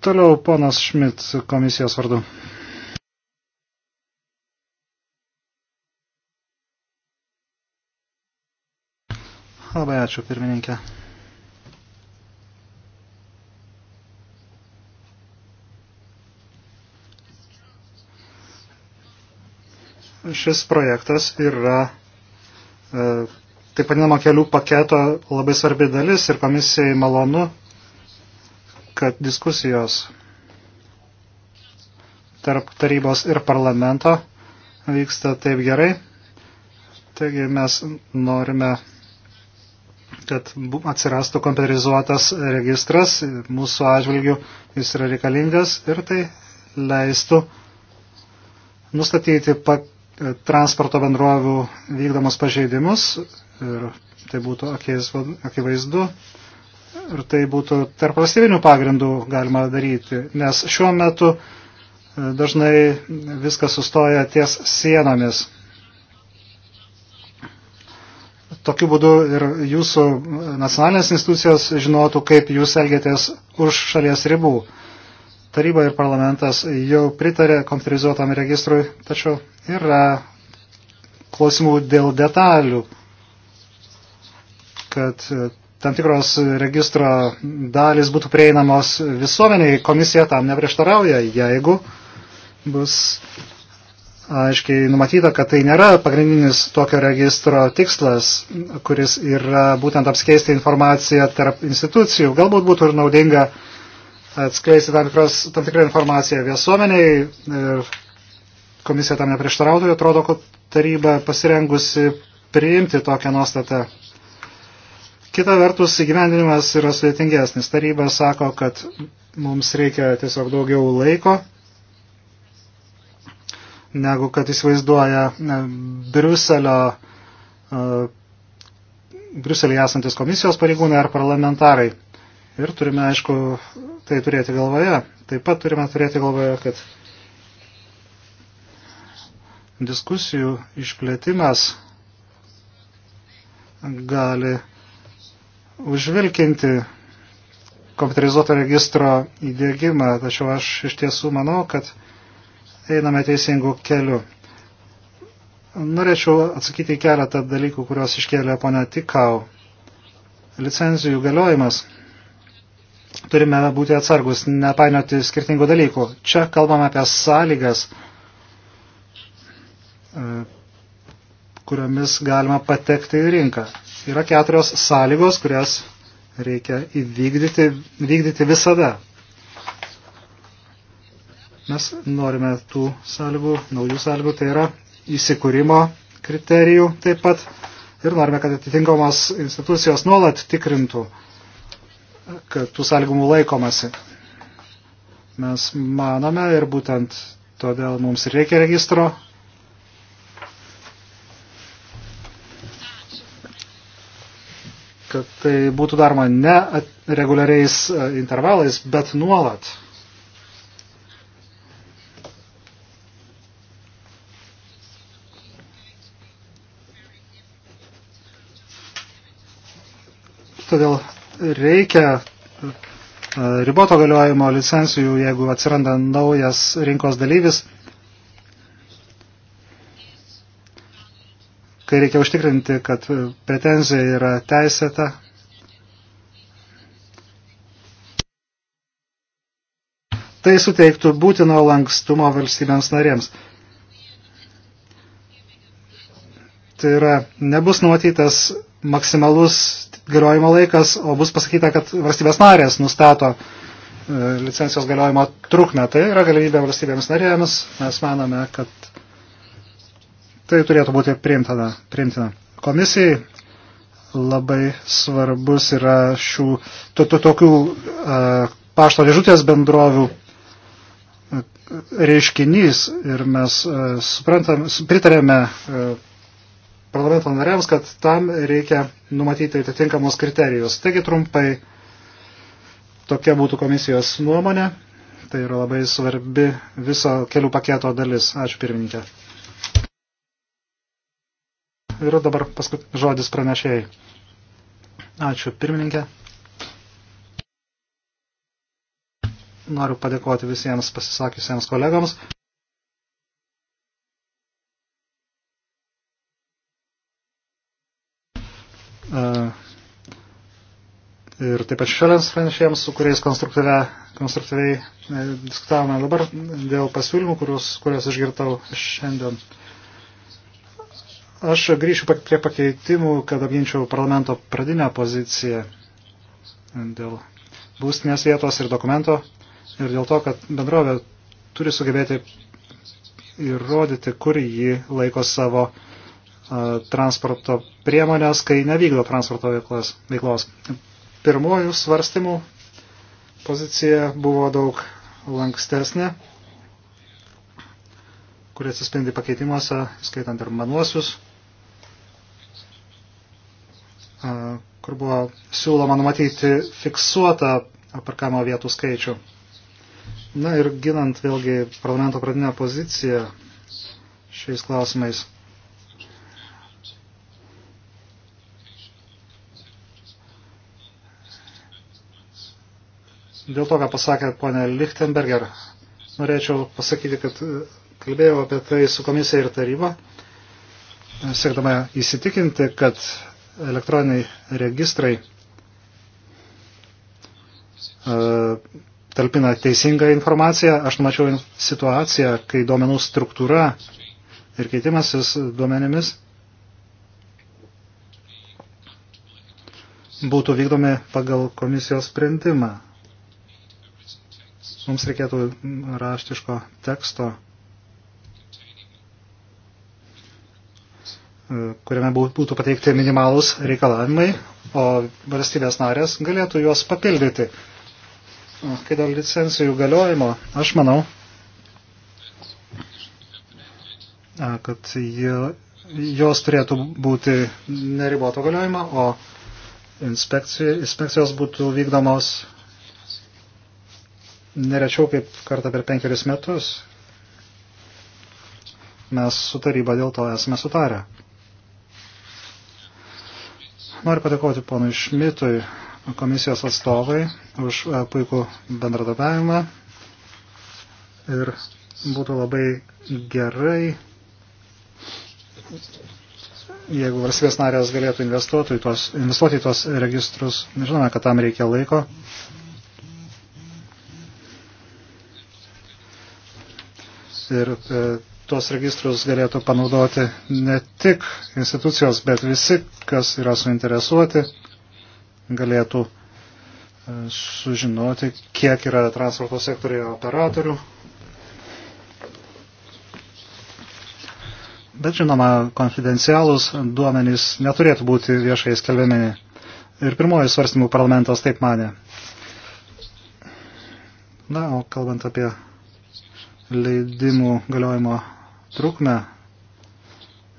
Toliau ponas Šmit komisijos vardu. Labai ačiū, pirmininkė. Šis projektas yra e, taip vadinamo kelių paketo labai svarbi dalis ir komisijai malonu kad diskusijos tarp tarybos ir parlamento vyksta taip gerai. Taigi mes norime, kad atsirastų kompiuterizuotas registras mūsų atžvilgių, jis yra reikalingas ir tai leistų nustatyti transporto bendrovių vykdomus pažeidimus ir tai būtų akivaizdu ir tai būtų tarp valstybinių pagrindų galima daryti, nes šiuo metu e, dažnai viskas sustoja ties sienomis. Tokiu būdu ir jūsų nacionalinės institucijos žinotų, kaip jūs elgėtės už šalies ribų. Taryba ir parlamentas jau pritarė kompiuterizuotam registrui, tačiau yra klausimų dėl detalių, kad e, tam tikros registro dalis būtų prieinamos visuomeniai, komisija tam neprieštarauja, jeigu bus aiškiai numatyta, kad tai nėra pagrindinis tokio registro tikslas, kuris yra būtent apskeisti informaciją tarp institucijų. Galbūt būtų ir naudinga atskleisti tam, tikras, tam tikrą informaciją visuomeniai ir komisija tam neprieštarautų, atrodo, kad taryba pasirengusi priimti tokią nuostatą. Kita vertus, įgyvendinimas yra sudėtingesnis. Taryba sako, kad mums reikia tiesiog daugiau laiko, negu kad įsivaizduoja e, Briuselio, e, Briuselėje esantis komisijos pareigūnai ar parlamentarai. Ir turime, aišku, tai turėti galvoje. Taip pat turime turėti galvoje, kad diskusijų išplėtimas gali uh, užvilkinti kompiuterizuoto registro įdėgymą, tačiau aš iš tiesų manau, kad einame teisingų kelių. Norėčiau atsakyti į keletą dalykų, kuriuos iškėlė ponia Tikau. Licenzijų galiojimas. Turime būti atsargus, nepainioti skirtingų dalykų. Čia kalbame apie sąlygas, e, kuriomis galima patekti į rinką. Yra keturios sąlygos, kurias reikia įvykdyti vykdyti visada. Mes norime tų sąlygų, naujų sąlygų, tai yra įsikūrimo kriterijų taip pat ir norime, kad atitinkamos institucijos nuolat tikrintų, kad tų sąlygų laikomasi. Mes manome ir būtent todėl mums reikia registro kad tai būtų daroma ne reguliariais e, intervalais, bet nuolat. Todėl reikia e, riboto galiojimo licencijų, jeigu atsiranda naujas rinkos dalyvis kai reikia užtikrinti, kad pretenzija yra teisėta. Tai suteiktų būtino lankstumo valstybėms narėms. Tai yra, nebus numatytas maksimalus galiojimo laikas, o bus pasakyta, kad valstybės narės nustato e, licencijos galiojimo trukmę. Tai yra galimybė valstybėms narėms. Mes manome, kad Tai turėtų būti priimtina. priimtina. Komisijai labai svarbus yra šių to, to, tokių a, pašto dėžutės bendrovių reiškinys ir mes a, suprantam, pritarėme a, parlamento nariams, kad tam reikia numatyti atitinkamus kriterijus. Taigi trumpai tokia būtų komisijos nuomonė. Tai yra labai svarbi viso kelių paketo dalis. Ačiū pirmininkė. Ir dabar paskut, žodis pranešėjai. Ačiū, pirmininkė. Noriu padėkoti visiems pasisakysiems kolegams. E, ir taip pat šaliams pranešėjams, su kuriais konstruktyviai e, diskutavome dabar dėl pasiūlymų, kuriuos, kuriuos išgirtau šiandien. Aš grįšiu prie pakeitimų, kad apginčiau parlamento pradinę poziciją dėl būstinės vietos ir dokumento ir dėl to, kad bendrovė turi sugebėti įrodyti, kur ji laiko savo uh, transporto priemonės, kai nevykdo transporto veiklos. veiklos. Pirmojų svarstymų pozicija buvo daug lankstesnė, kurie atsispindi pakeitimuose, skaitant ir manuosius kur buvo siūloma numatyti fiksuotą parkavimo vietų skaičių. Na ir ginant vėlgi parlamento pradinę poziciją šiais klausimais. Dėl to, ką pasakė ponė Lichtenberger, norėčiau pasakyti, kad kalbėjau apie tai su komisija ir taryba, siekdama įsitikinti, kad elektroniniai registrai e, talpina teisingą informaciją. Aš mačiau situaciją, kai duomenų struktūra ir keitimasis duomenimis būtų vykdomi pagal komisijos sprendimą. Mums reikėtų raštiško teksto E, kuriame būtų pateikti minimalūs reikalavimai, o valstybės narės galėtų juos papildyti. Kai dėl licencijų galiojimo, aš manau, kad jos turėtų būti neriboto galiojimo, o inspekcijos būtų vykdomos nerečiau kaip kartą per penkerius metus. Mes su taryba dėl to esame sutarę. Noriu padėkoti ponui Šmitui, komisijos atstovai, už e, puikų bendradarbiavimą. Ir būtų labai gerai, jeigu valstybės narės galėtų investuoti į tuos, investuoti į tuos registrus. Žinome, kad tam reikia laiko. Ir e, tuos registrus galėtų panaudoti ne tik institucijos, bet visi, kas yra suinteresuoti, galėtų e, sužinoti, kiek yra transporto sektorėje operatorių. Bet žinoma, konfidencialūs duomenys neturėtų būti viešai skelbiami. Ir pirmoji svarstymų parlamentas taip mane. Na, o kalbant apie leidimų galiojimo trukmę,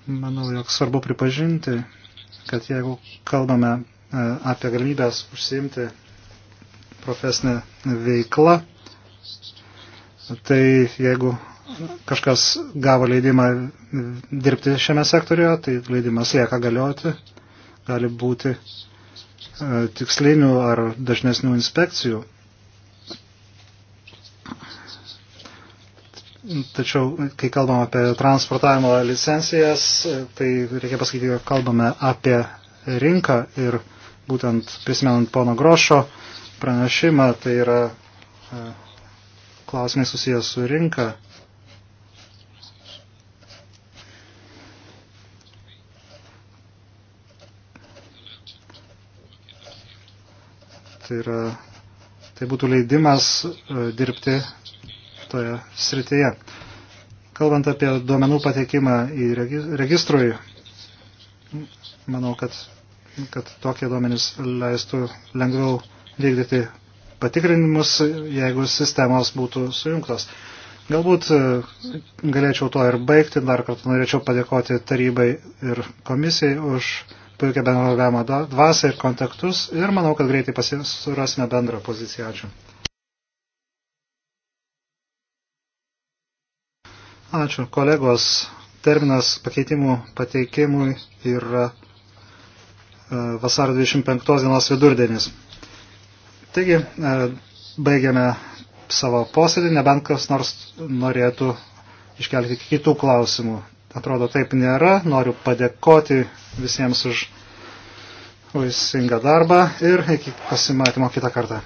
manau, jog svarbu pripažinti, kad jeigu kalbame e, apie galimybės užsiimti profesinę veiklą, tai jeigu kažkas gavo leidimą dirbti šiame sektorijoje, tai leidimas lieka galioti, gali būti e, tikslinių ar dažnesnių inspekcijų. Tačiau, kai kalbam apie transportavimo licencijas, tai reikia pasakyti, kad kalbame apie rinką ir būtent prisimenant pono Grošo pranešimą, tai yra e, klausimai susijęs su rinka. Tai, yra, tai būtų leidimas e, dirbti toje srityje. Kalbant apie duomenų patekimą į registrui, manau, kad, kad tokie duomenys leistų lengviau vykdyti patikrinimus, jeigu sistemos būtų sujungtos. Galbūt e, galėčiau to ir baigti. Dar kartą norėčiau padėkoti tarybai ir komisijai už puikia bendradarbiavimo dvasę ir kontaktus ir manau, kad greitai pasirasime bendrą poziciją. Ačiū. Ačiū, kolegos. Terminas pakeitimų pateikimui yra e, vasario 25 dienos vidurdienis. Taigi, e, baigiame savo posėdį, nebent kas nors norėtų iškelti kitų klausimų. Atrodo, taip nėra. Noriu padėkoti visiems už vaisingą darbą ir iki pasimatymo kitą kartą.